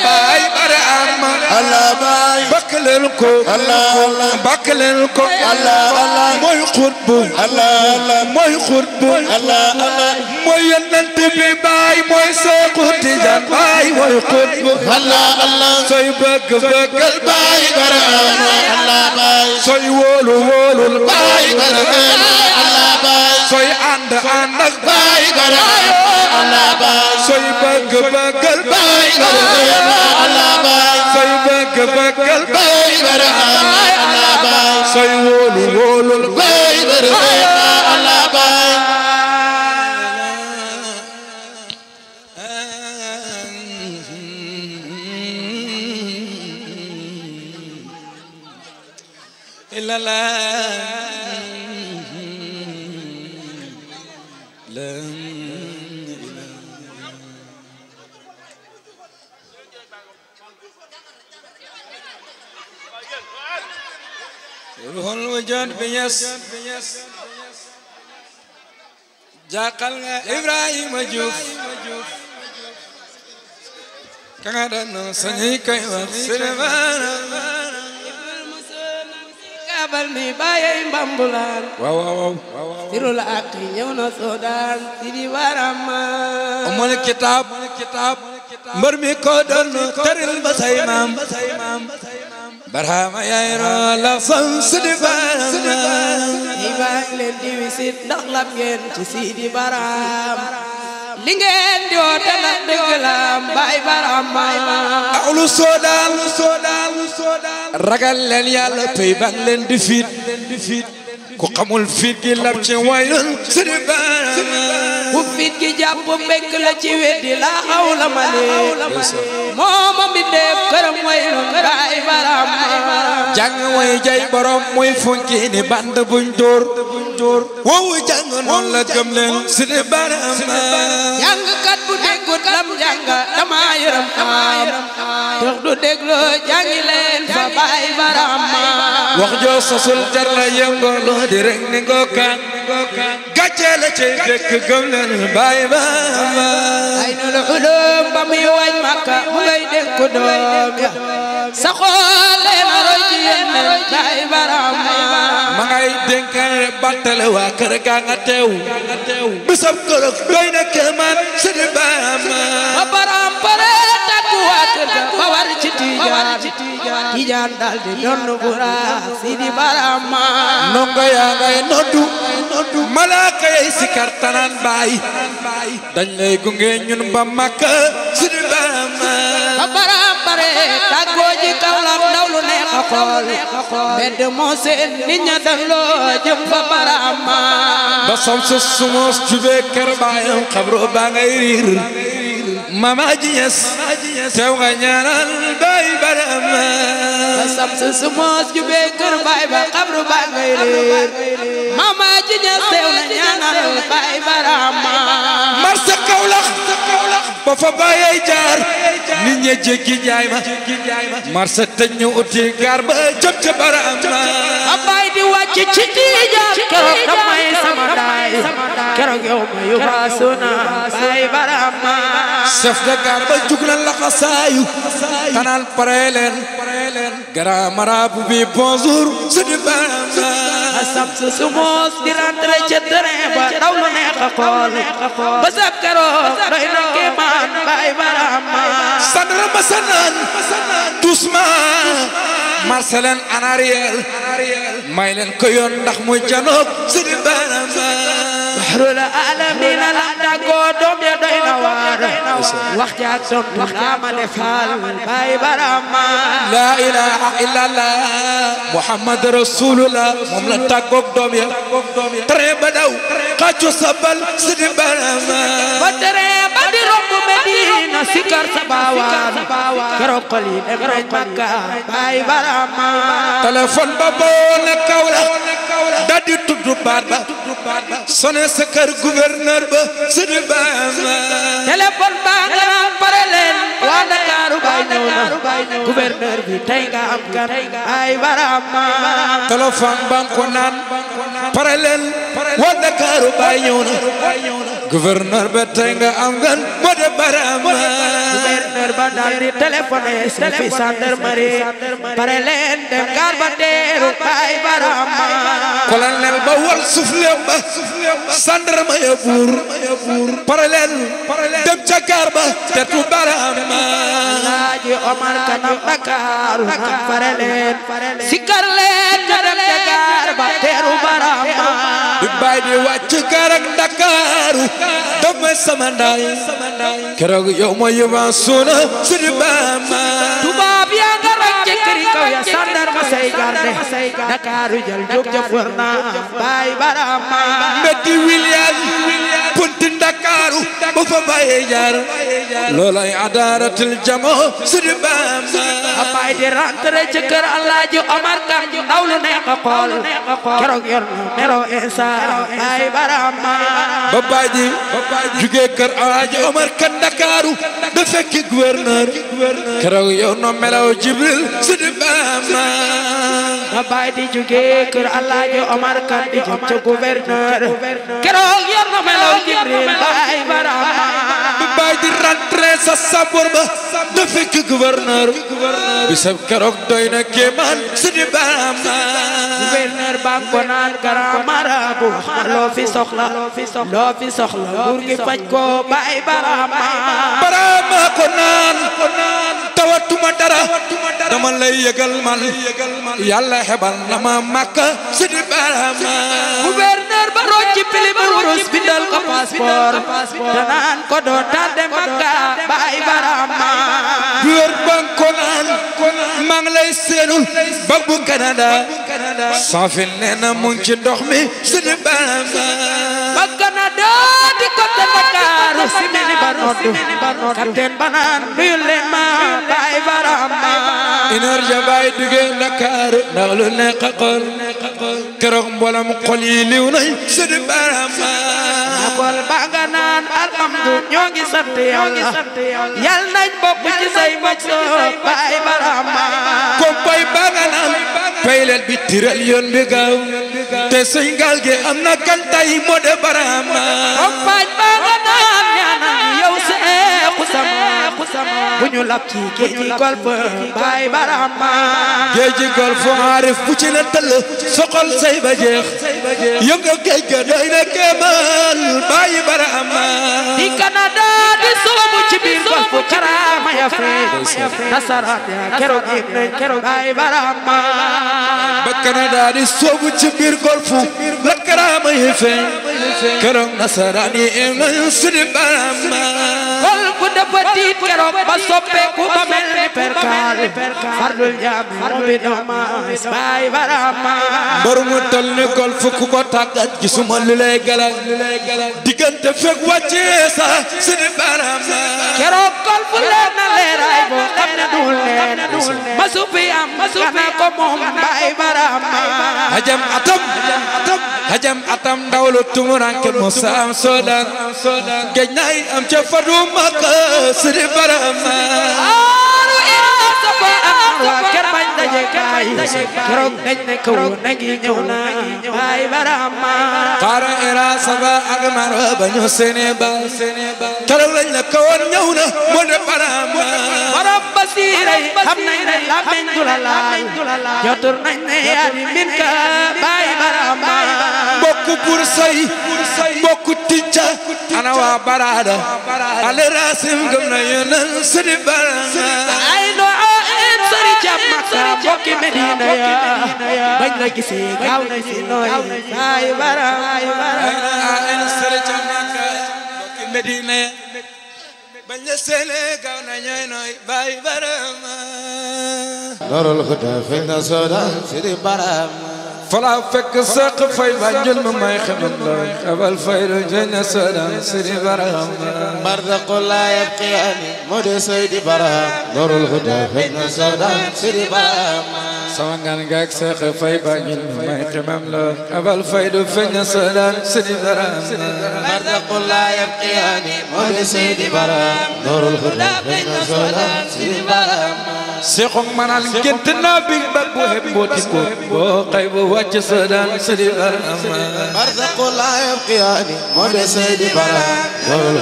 bay baram Allah bay baklen ko Allah Allah baklen ko Allah Allah moy khutbu Allah Allah moy khutbu Allah Allah moy yenen bi baay mooy Seexu Tijaan baay mooy xutbu Allah Allah sooy bëgg bëggal baay bara Allah baay sooy wóolu wóolul baay bara Allah baay sooy ànd ànd ak baay bara Allah baay sooy bëgg bëggal baay bara Allah baay sooy bëgg bëggal baay bara Allah baay sooy wóolu wóolul baay bara إلا لا روح الوجود بيس جاقل إبراهيم جوف كان سنيك وسلمان jàppal ni bàyyey mbambulaan waaw waaw waaw sirul ak ñëw na soodaan si di warama amul kitaab mbër mi ko doon tëril ba say maam barama yaay roo la fan si di barama yi baa leen di wisit ndax lam ngeen ci si di baram li ngeen joote na dëgg la mbaay barama awlu soodaan soodaan ragal leen yàlla tey ban leen di fit di fit ku xamul fit gi lab ci wayun sëri barama ku fit gi jàpp bekk la ci weddi la xaw la ma ne mooma mi deeb këram wayun mbaay barama jàng way jay borom muy funki ni band buñ dóor woowu jàng noonu la gëm leen sëri barama déggut lam jànga dama yërëm am tax du dégloo jàngi leen fa baay barama wax joo sosul jar na yëngoo loo di rek ni ngookaan gàcce la cay dëkk gëm leen bàyyi ba ma ay nu lu ulum ba muy wañ màkka mu ngay dénk doom ya sa xool leen roy ci yéen bàyyi barama ma ngay dénkaan bàttale waa kër gaa nga teew bisab kërëg doy na kéemaan si ma ba baram pare tàggu waa kër ga ba war ci tiijaan tijaan dal di donnu guraas sidi barama ndongo yaa ngay noddu malaaka yay sikar tanaan baay dañ lay gunge ñun ba makka sidi barama ba baram bare a xool ba barama ba samsu sumos jubee kër baayam baa ngay riir mama jiyes teew nga ñaanal bay barama samp su moos ju bee kër bay ba xabru ba ngay réer mama jiyes teew na ñaanal bay barama marsa kawlax ba fa bayay jaar nit ñi jéggi jaay ma marsa tëj ñu uti gaar ba jëm ca barama ci ci ja keroog damay sama daay keroog yow ma yu baasuna bay barama chef de gare ba jug na la xasaayu tanaan pare leen grand marabout bi bonjour suñu barama asam su sumos di rentré ci terrain ba daw lu neex a xool ba sa keroog doy na kéemaan bay barama Sandra مسنن Dusma, Marcelan اناريال مايلن كيون Koyon, Nahmoy جنوب سيدي Baramba. بحر العالمين دوم يا دينا وار وقت وقت ما نفال باي برما لا إله إلا الله محمد رسول الله مملن دوم يا تري بداو قاچو سبل سيدي برما فتري بدو Madina sikar sabawaan keroog xol yi dem nañ Makka baay barama téléphone ba boo ne kawla daldi tudd baat ba sone sa kër gouverneur ba sunu ba nga naan pare leen waa Ndakaaru baay ñëw na gouverneur bi tey nga gouverneur ba tey am gan moo de barama gouverneur ba daal di téléphoné fi gendarmerie pare leen dem gaar ba teeru baay barama colonel ba wol soufflé ba gendarme ya buur pare dem ca gaar ba tetu barama baay di wàcc garak Ndakaaru damay sama ndaay keroog yow ma yëwaan suuna sudi baama tubaab yaa nga ràcc këri kaw ya sandar ma garde Ndakaaru jël jóg jëf war naa baay baraama metti William punti Ndakaaru bu fa bàyyee jaar loolay adaaratil jamo sudi baama baay di rentré ci kër Alaaji Omar Kan dawlu neex a xool keroog yor na meroo ay barama babaay ji jugee kër alaaji omar kan ndakaaru da fekki gouverneur keroog no melaw jibril su di baama babaay di jugee kër omar kan di jëm ca gouverneur keroog yow no melaw jibril ay barama baay di rentré sa saboor ba da fekk gouverneur bisab keroog doy na kéemaan su di baam gouverneur ba ko naan karamara bu loo soxla loo soxla nguur gi faj ko baay barama barama ko naan tawatuma dara lay yëgal man yàlla xebal na ma màkka di baam sër ba saafin nee na mu ngi ci ndox ba Canada di ko te si mini ba noddu capitaine ba naan nuyul leen ma baay Barama inar ja baay duggee Ndakaaru ndax lu nekk xol keroog mbolam xol yi liw nañ sëriñ Barama akol ba nga naan alhamdu ñoo ngi sant yàlla yal nañ bokk ci say mbokk baay Barama ko bay ba nga naan paylel bi tiral yoon bi gaaw te sëñ gaal gi am na kan tay moo de Barama ko bay ba nga naan ñaanal bu ñu lab ci géeji golf baay barama géeji golf aarif ci la tëll soxol say ba jeex yënga géej ga doy na kéemal baay di Canada di soobu ci biir golf karaama ya fee nasaraat ya keroog ibne keroog baay di soobu dafa tiit keroog ba soppeeku ba mel ni perkaal fardul jaam moo bi domaas baay barama mbër mu toll ni kol fukk ko tàggat gisuma lu lay galal diggante fekk wàccee sa sidi barama keroog kol fu leer na leeraay boo xam ne du leer masu fi am kana ko moom baay barama hajam atam hajam atam ndawlu tumuranke musa am sodan géej nay am ca fadu makka sëri barama aaru ila safa wa kër bañ daje kaay keroog dañ ne ko nagi ñëw na baay barama xaara ila safa ak marwa ba ñu Sénégal keroog dañ ne ko ñëw na mu ne barama borom basiray xam nañ ne la meñ du la laal jotur nañ ne yaa di min ka baay barama mbokk pour say mbokk ca ana waa baraada ale rasim gëm na yonal sëri baraada ay no en sëri ca makka bokki medina ya bañ la gisee gaaw na si nooy ay baraada ay baraada en sëri ca makka bokki medina ya bañ la seele gaaw na ñooy nooy bay baraama darul xuta fi na soda sëri baraama فلا فك سقف يبجل مما يخبل قبل فير الجنة سلام سري برهم مرق لا يبقي أني مدي سيدي برهم نور الهدى فين سلام سري برهم سوانغان غاك سقف يبجل مما يخبل قبل فير فين سلام سري برهم مرق لا يبقي أني مدي سيدي برهم نور الهدى فين سلام سري برهم سيخم من الجنة بيبك وهبوتك وقيبوه wàcc sa daan Seydi Bara Aman barzaqu la yabqiyaani moo de Seydi Bara loolu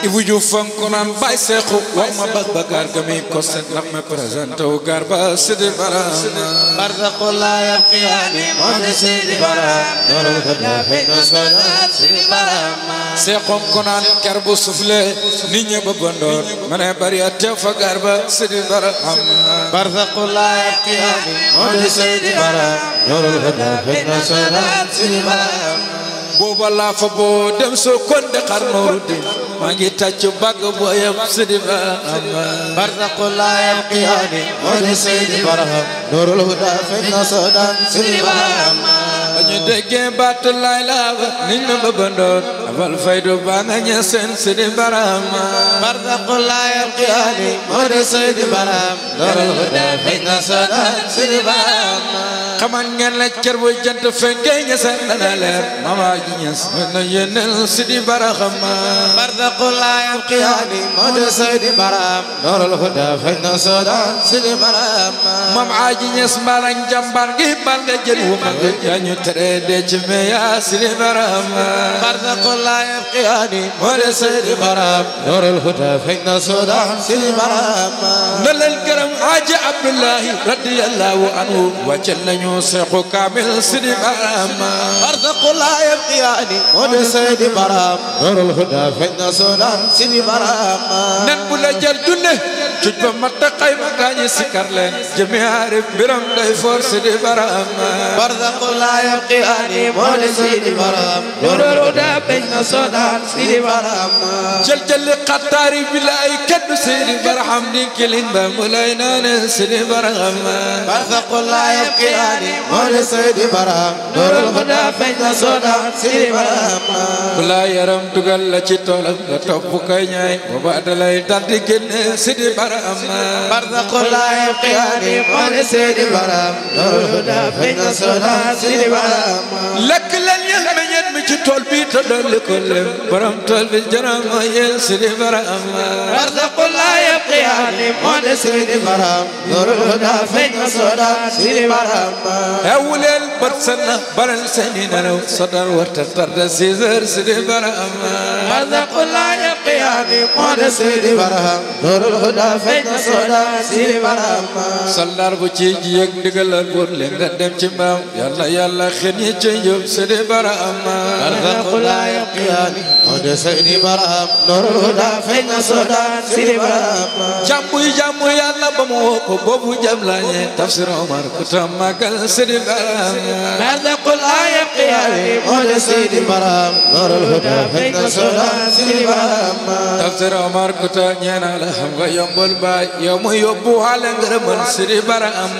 Ibou Diouf fan ko naan bay seexu wax ma bas ba gaar ga mi ko set ndax ma présenté wu gaar ba Sidi Bara bartaqu la yabqiyaani moom di Sidi Bara noonu ko dafe no sona Sidi Bara seexoom ko naan ker bu sufle nit ñi ba bondoor ma ne bari a teew fa gaar ba Sidi Bara bartaqu la yabqiyaani moom di Sidi Bara noonu ko dafe no sona Sidi Bara booba laa fa boo dem soo konde xar nooru din maa ngi tàcc bàgg booyam sidi ba amma bartaqu laa yabqiyaani moo di seydi barham noorul huda fenna soodan sidi ba amma ba ma bëbandoon ba nga al huda fi na sonaan si di barama xaman ngeen la cër bu jant fenkee ñeseen dana leer mama ji ñes mën na yéeneel si di barama bartaqu laay al qiyaani moo de say di baram gi bal nga jël wu mag yaa ñu تردج يا سيدي برام برزق لا يبقياني مولى سيدي برام نور الهدى فينا صدى سيدي برام نل الكرم حاج عبد الله رضي الله عنه وجل يوسف كامل سيدي برام برزق لا يبقياني مولى سيدي برام نور الهدى فينا صدى سيدي برام نقبل جردنه جد متقي مكاني سكر لين جميع عارف برم داي فور سيدي برام برزق لا يبقياني القيان مول سيدي برام لورو دا بين صدان سيدي برام جل جل قطاري بلاي كد سيدي برحم ديك الهند مولانا سيدي برام برثق الله يبقيان مول سيدي برام لورو دا بين صدان سيدي برام كلا يرم تقل لا تولم توب كاي وبعد لا تنتي سيدي برام برثق الله يبقيان مول سيدي برام لورو دا بين صدان سيدي برام lakk leen yal ma ñet mi ci tool bi te dolli ko lem borom tool bi jarama yel sidi baram arzaqullaa yabqiyaani moo de sidi baram loolu daa feeñ ma soda sidi baram hewleel bat sanna baral seeni nelaw sodar warta tarda six heures sidi baram arzaqullaa yabqiyaani moo de sidi baram loolu daa feeñ ma soda sidi baram soldaar bu ci ji yëg ndigalal buur leen nga dem ci mbaam yàlla yàlla خني جيوب سيدي برام الخلق لا يقيان هدى سيدي برام نور الهدى فين سودان سيدي برام جامبوي جامبوي يلا بموكو بوبو جملاي تفسير عمر كتام مقل سيدي برام الخلق لا يقيان هدى سيدي برام نور الهدى فين سودان سيدي برام تفسير عمر كتام ينا لهم غيوم بالباي يوم يبو على غرمن سيدي برام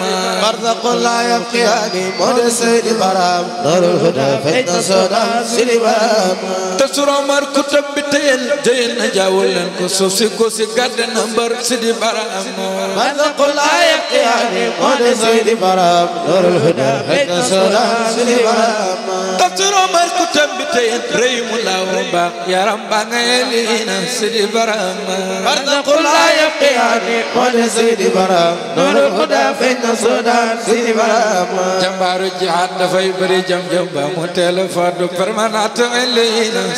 الخلق لا يقيان هدى سيدي برام الإسلام نور الهدى فإن صدى سليمان تسرى مر كتب جين جاول كسوسي كوسي قد نمبر سيدي برام من قل آية قيامي يعني، قد سيدي برام نور الهدى فإن صدى سليمان تسرى مر كتب ريم الله وبا يا رب غيلينا سيدي برام من قل آية قيامي يعني، قد سيدي برام نور الهدى فإن صدى سيدي جمبار الجهاد فيو bari bari jam jam ba mu teel faddu permanent a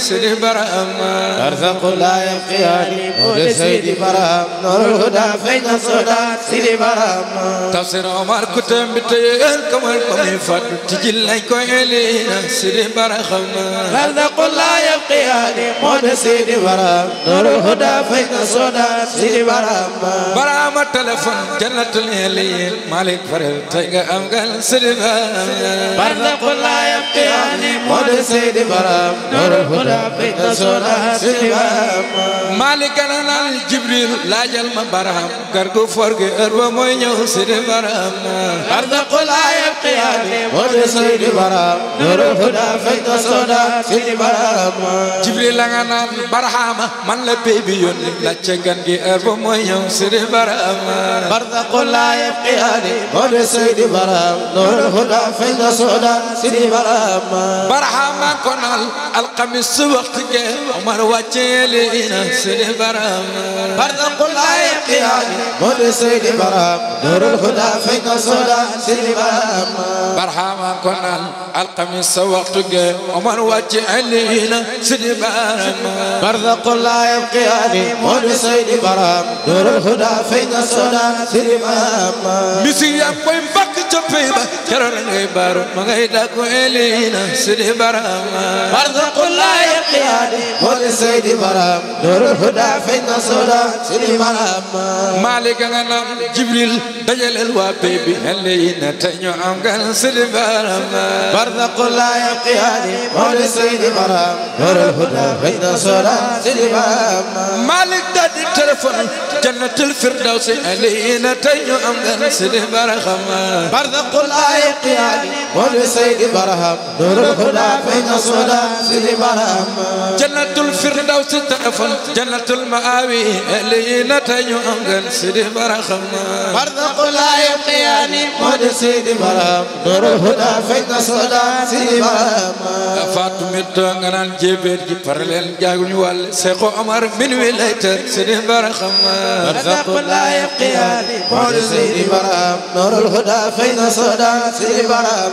sidi barahama arzaqu la yaqiyani mawla sidi baraham nurul huda fayna sodat sidi barahama tafsir a kutam bitayel kamal kami faddu tijil lay ko ilayna sidi sidi baraham nurul huda telefon jannatul ilayna malik ود سيد برام نور الهدى بين صلاة سلام مالك لنا الجبريل لا جلم برام كركو فرق ارو موي نيو سيد برام ارض قلا يبقيان ود سيد برام نور الهدى بين صلاة سيد برام جبريل لا نان برام من لا بيبي يون لا تشغان كي ارو موي نيو سيد برام ارض قلا يبقيان ود سيد برام نور الهدى بين صلاة سيدي مرحبا مرحبا كنال القميص وقت عمر وجيلينا سيدي مرحبا بردن قل لايق يا مول سيدي مرحبا نور الهدى فيك صلاة سيدي مرحبا مرحبا كنال القميص وقت عمر وجيلينا سيدي مرحبا بردن قل لايق يا مول سيدي مرحبا نور الهدى فيك صلاة سيدي مرحبا مسيا قوي بك جبهي بك كرر نيبار مغير سيدك إلينا سيدي برام مرزق الله قيادي مولي سيدي برام نور الهدى في النصر سيدي برام مالك أنا جبريل دجل الوابي بهلينا تنيو أمغان سيدي برام مرزق الله قيادي مولي سيدي برام نور الهدى في النصر سيدي برام مالك دادي تلفون جنة الفردوس علينا تنيو أمغان سيدي برام مرزق الله قيادي مولي سيد برهم نور الهدى بين صدى سيد برهم جنة الفردوس تنفل جنة المآوي لينة يؤمن سيد برهم برزق لا يبقياني مود سيد برهم نور الهدى بين صدى سيد برهم فاطمة تنغنا الجبر جبرلين جاغن وال سيخو عمر من ولايتر سيد برهم برزق لا يبقياني مود سيد برهم نور الهدى بين صدى سيد برهم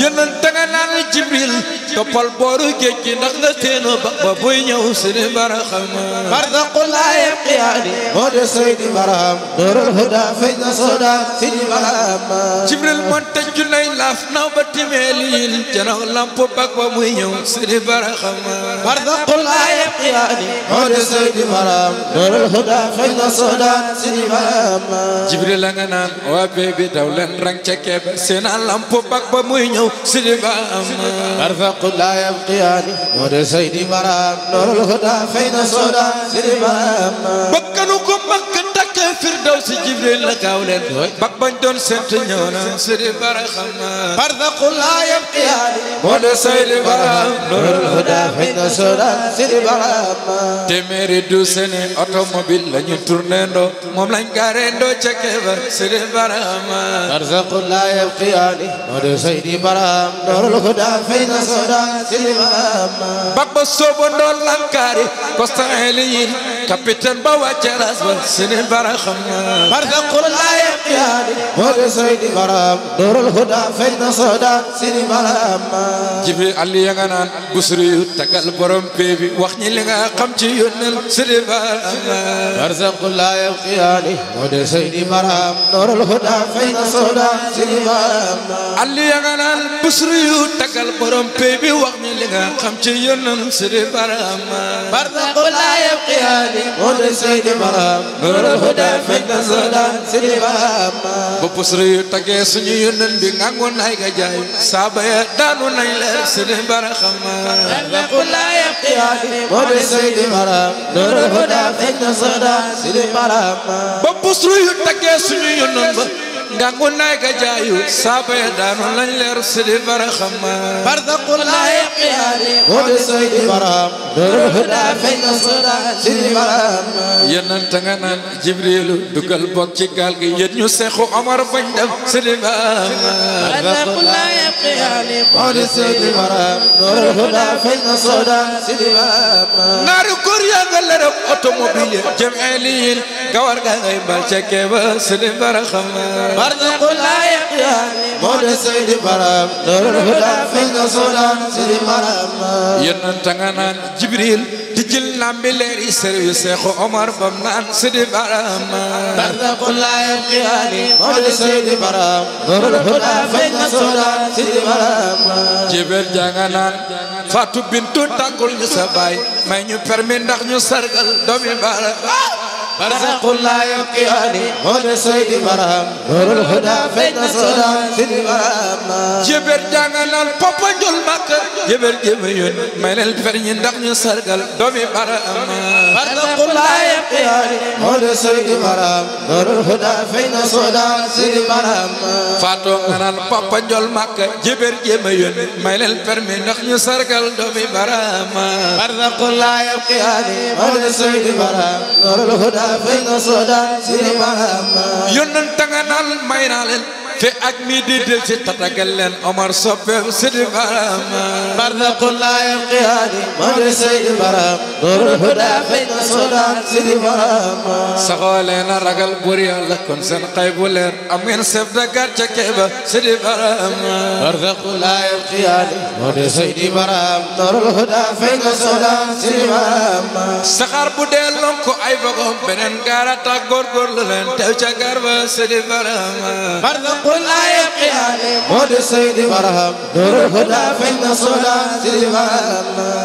yonent nga naan jibril toppal booru géej gi ndax nga teenu ba ba buy ñëw sini baraxam bardaqu laa yabqiyaani moo de seydi baraham doorul huda fay ba timeeli yil janaw lamp bak ba muy ñëw sini baraxam bardaqu huda fay soda sini baraham jibril a naan waa bébé daw rang ca keeba seenaa bak ba muy ñëw سيدي بام أرفق لا يبقيان نور سيدي برام نور الهدى فين صدى سيدي بام بكنكم بكن تك فردوس جبريل لكاولين بك بنتون سنت نيونا سيدي برخم أرفق لا يبقيان نور سيدي برام نور الهدى فين صدى سيدي برام téeméeri du sene automobile la ñu tourné ndo moom lañ garé ndo ca Kébémer sëriñ Barhama. Barzakh la yabqiyaani. Maodo Seydi Barhama. imam darul huda fayna soda silimam babba sobo ndol lankari kostaheliyin capitaine ba wacce rasba sinin barakham barzaqul laye qiyadi hode soydi baram darul huda fayna soda silimam jibi ali ya nga naan busri tagal borom pebi wax ñi li nga xam ci yonel silimam barzaqul laye qiyadi hode soydi baram darul huda fayna soda silimam ali ya nga naan busru yu tagal borom pey bi wax ñu li nga xam ci yoonam sidi barama barzaqu laa yabqiyaani moo de sidi baram nurul huda fi nasalan sidi barama bu busru yu tagee suñu yoonam bi ngangoon ay ga jaay saaba ya daanu nañ leer sidi barama barzaqu laa yabqiyaani moo de sidi baram nurul huda fi nasalan sidi barama bu busru yu tagee suñu yoonam ba gangu nay ka jaayu saaba ya daanu lañ leeru sidi baraxam barsaku laa yaqiyaani moo di sidi baraxam dërëb sidi baraxam yennan tanga naan jibriilu dugal bokk ci gaal gi yéen ñu seexu omar bañ dem sidi baraxam barsaku laa yaqiyaani moo di sidi baraxam dërëb hëdaa feeñ na sodaa sidi sidi baraxam وارزق لا يقياني مود سيدي برام نور الهدى فيك سودان سيدي مرام ينتغنان جبريل تجل نامبي ليري سيري شيخ عمر بمنان سيدي برام وارزق لا يقياني مود سيدي برام نور الهدى فيك سودان سيدي مرام جبريل جانغانان فاتو بنتو تاكل ني سباي ما ني permis ndax ñu sargal doomi baram برزق الله يبقياني هون سيدي مرام نور الهدى فين صدام سيدي مرام جبر جانال البابا نجول مكة جبر جبريون من الفرين دقن سرقل دومي مرام برزق الله يبقياني هون سيدي مرام نور الهدى فين صدام سيدي مرام فاتو نال بابا نجول مكة جبر جبريون من الفرين دقن سرقل دومي مرام برزق الله يبقياني هون سيدي مرام نور الهدى yónnante nga leen may naa leen te ak mi di del ci tatagal leen Omar soppeem Sidi Baram barnaqul laa na ragal bur yàlla kon seen xay am ngeen chef de garde ca Keba Sidi Baram saxaar bu dee lonku ay bëggoon beneen gaara tàggoor góor la leen teew ca garba Sidi Baram برزق لا يبقي عليه مود سيد برهم نور الهدى فإن صلاة سيد برهم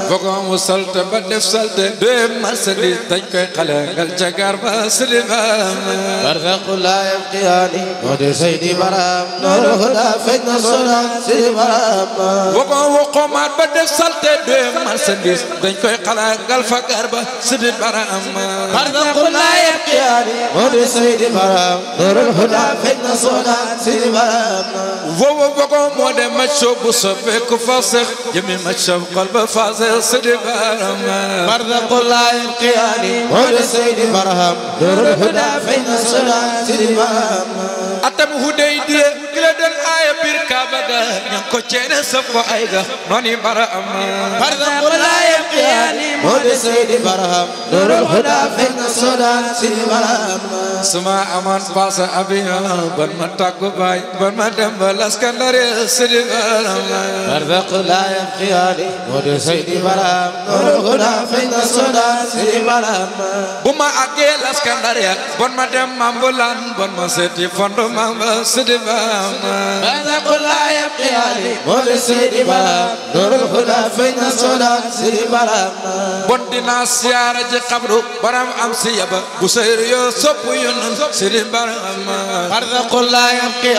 فقوم وصلت بدف سلت بيم مرسلي تجكي قلق الجقر بسلي برهم برزق لا يبقي عليه مود سيد برهم نور الهدى فإن صلاة سيد برهم وقوم وقومات بدف سلت بيم مرسلي تجكي قلق الفقر بسلي برهم برزق لا يبقي عليه مود سيد برهم نور الهدى rafet na soxna si baram wowo bogo moo de macco bu soppeeku fasex jëmi macco xol ba fasex si di baram bardaqullahi qiyaani moo de seydi barham dorul huda fay na soxna si di baram atam huday diye kila doon aaya bir kaaba ga ñan ko ceene saf ko ay ga nooni baram bardaqullahi qiyaani moo de seydi barham dorul huda fay na soxna si di baram suma aman paasa abiyo ban ma tàggu baay ban ma dem ba laskandare sidi baram barfaq la yam xiyaali moo de sidi baram noonu huda feñ na soda sidi baram bu ma àggee laskandare ban ma dem mambulan ban ma seeti fondo mamba sidi baram barfaq la yam xiyaali moo de sidi baram noonu huda feñ na soda sidi baram bon dina siyaara ji xabru baram am si yaba bu seyr yo sopp yu nun sidi baram غرق الله يبقي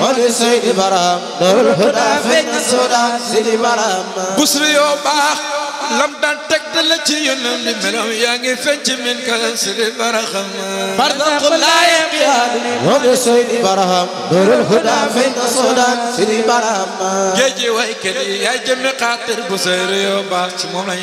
ولسيد برام نور الهدى في السودان سيدي برام بصري وباخ lam daan tegtal la ci yónnam di melam yaa ngi feeñ ci min kala sidi baraham bardaku laayam yaadini moo di sidi baraham nurul huda feeñ baraham géeji waykat yi yaay jëmmi xaatir bu seyri yoo baax ci moom lañ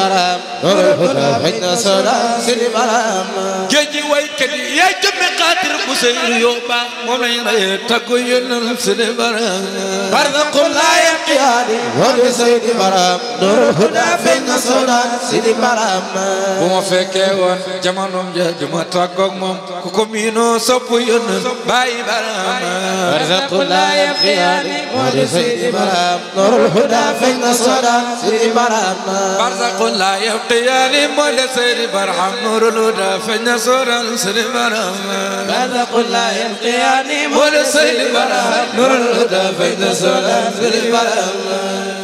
baraham nasara sidi barama géeji waykat yi yaay jëmme xaatir bu seyru yoo baax moom lañ rayee taggu yónnal sidi barama barna qul laa yaqiyaani wadi seydi barama doro huda fin soda Sidi Barama bu ma fekkee woon jamono jooju ma tàggoog moom ku ko miinoo sopp yónn bàyyi Barama barzaqullah ya xiyaani moo di Sidi Barama noorul huda feñ na soda Sidi Barama barzaqullah ya xiyaani moo di Sidi Barama noorul huda feñ na soda Sidi Barama barzaqullah ya xiyaani moo di Sidi Barama noorul huda feñ na soda Sidi Barama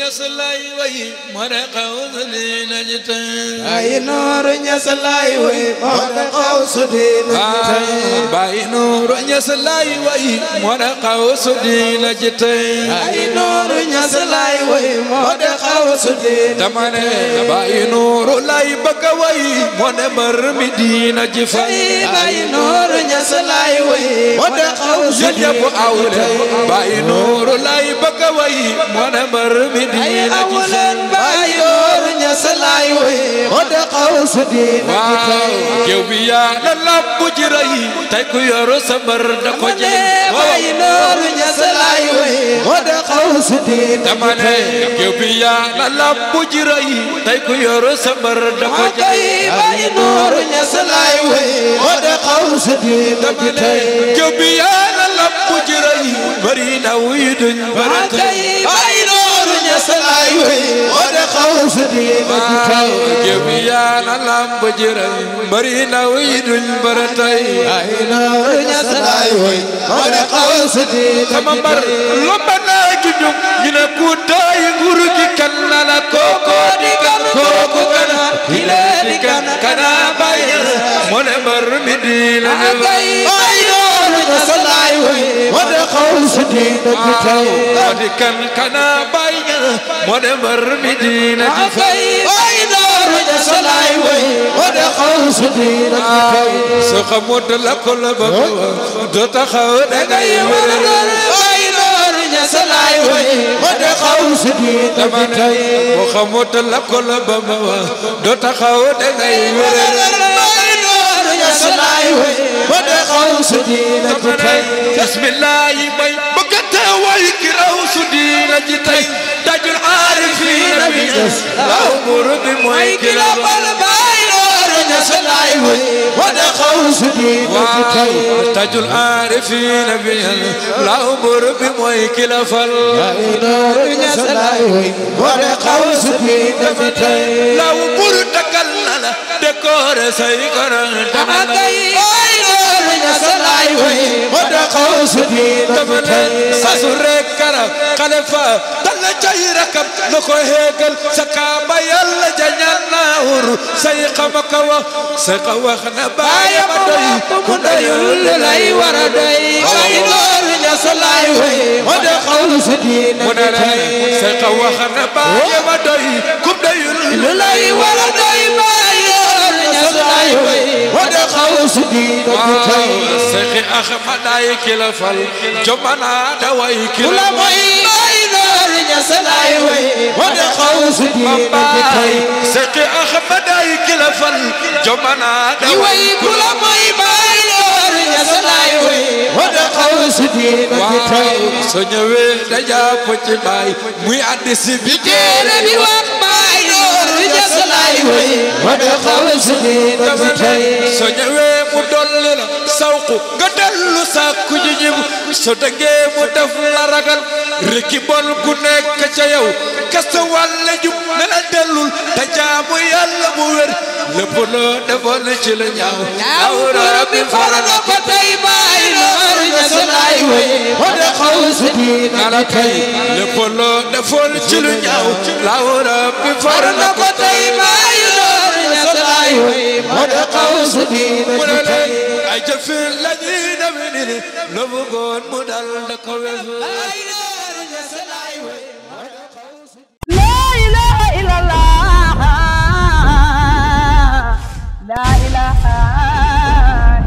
ñasalay way mara xaw su di najta bay nooru ñasalay way mara xaw su di najta bay nooru ñasalay way mara xaw su di najta bay nooru ñasalay way mara xaw su di najta tamane bay nooru lay bëgg way moo ne bar mi di najfa bay nooru ñasalay way mara xaw su di najta bay nooru lay bëgg way moo ne bar mi diine ci seen baay door ña salaay way moo de xaw su diine ci kay géew bi yaa la làmb ji rëy tey ku yoru sabar da ko jël baay door ña salaay way moo de xaw su diine dama ne géew bi yaa la làmb ji rëy tey ku yoru sabar da ko jël baay door ña salaay way moo de xaw su diine ci kay géew bi yaa la làmb ji rëy bari na wuy duñ barakay jëm yaa na lamb jërëm bari na wuy duñ bara tey ay na ñas ay way wala xawas di sama mbar lo bana ci ñu ñu ne ku kan na la koko di kan koko kan ila di kan kana bay mo le mi di la ay ay moo de xaw si diina ji tey moo di kan kana bay ña moo de mbër mi diina ji fay way daaru ña salaay way moo de xaw si diina ji tey su xamut la ko la ba do taxaw da ngay wër way daaru ña salaay way moo de xaw si diina ji tey bu xamut la ko la ba do taxaw da ngay wër way daaru ña salaay way ودخو سدين جتاي بسم الله بي بكتا ويكرو سدين جتاي تاج العارفين بيس لو مرد ميكلا بالباي نسلاي ودخو سدين تاج العارفين بيس لو مرد ميكلا فل نور نسلاي ودخو سدين جتاي لو مرد كلنا دكور سيكرن تمدي salaay way ma da xawsu di tëbëleel sasu rek karab xalifa dalla cay rakab na ko héegal sa kaaba yàlla ja ñaan naa wuru say baaya ma doy ku doyul lay lay say ka wax na baaya ma doy ku doyul المرشدين الدجيل سخي أخمد أيكل فل جمنا دويكل كل ما سقي أحمد أي كلفل جمنا دوي كل ما يبايل waaw soo ñëwee dajaa ko ci baay muy àddi si bi téere bi wax way way ma de xaw sëgg ba mu tey soo ñëwee mu dolli la sawqu nga dellu sàkku ji ñibu su dëggee mu def la ragal riki bol gu nekk ca yow kasta wàlle jub ne la dellul te jaamu yàlla bu wér lépp loo defoon ci la ñaaw awra rabbi farala ko tey bàyyi loolu ña sa naay way wala xaw su diina la tey lépp loo defoon ci lu ñaaw lawra rabbi farala ko tey bàyyi الغيب ودقوا سبيل أي جف الذين من نبغون مدلق لا إله إلا الله لا إله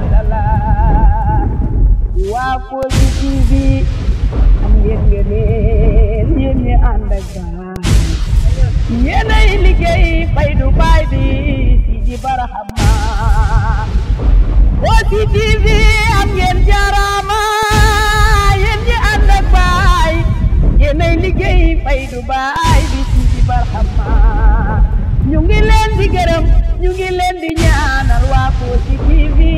إلا الله وكل شيء yéen yéen ñi ànd ak yéenay liggéey fay du baay bi ci barahama Kossy TV am ngeen jarama yéen ñi ànd ak baay yéenay liggéey fay du baay bi ci barahama ñu ngi leen di gërëm ñu ngi leen di ñaanal waa Kossy TV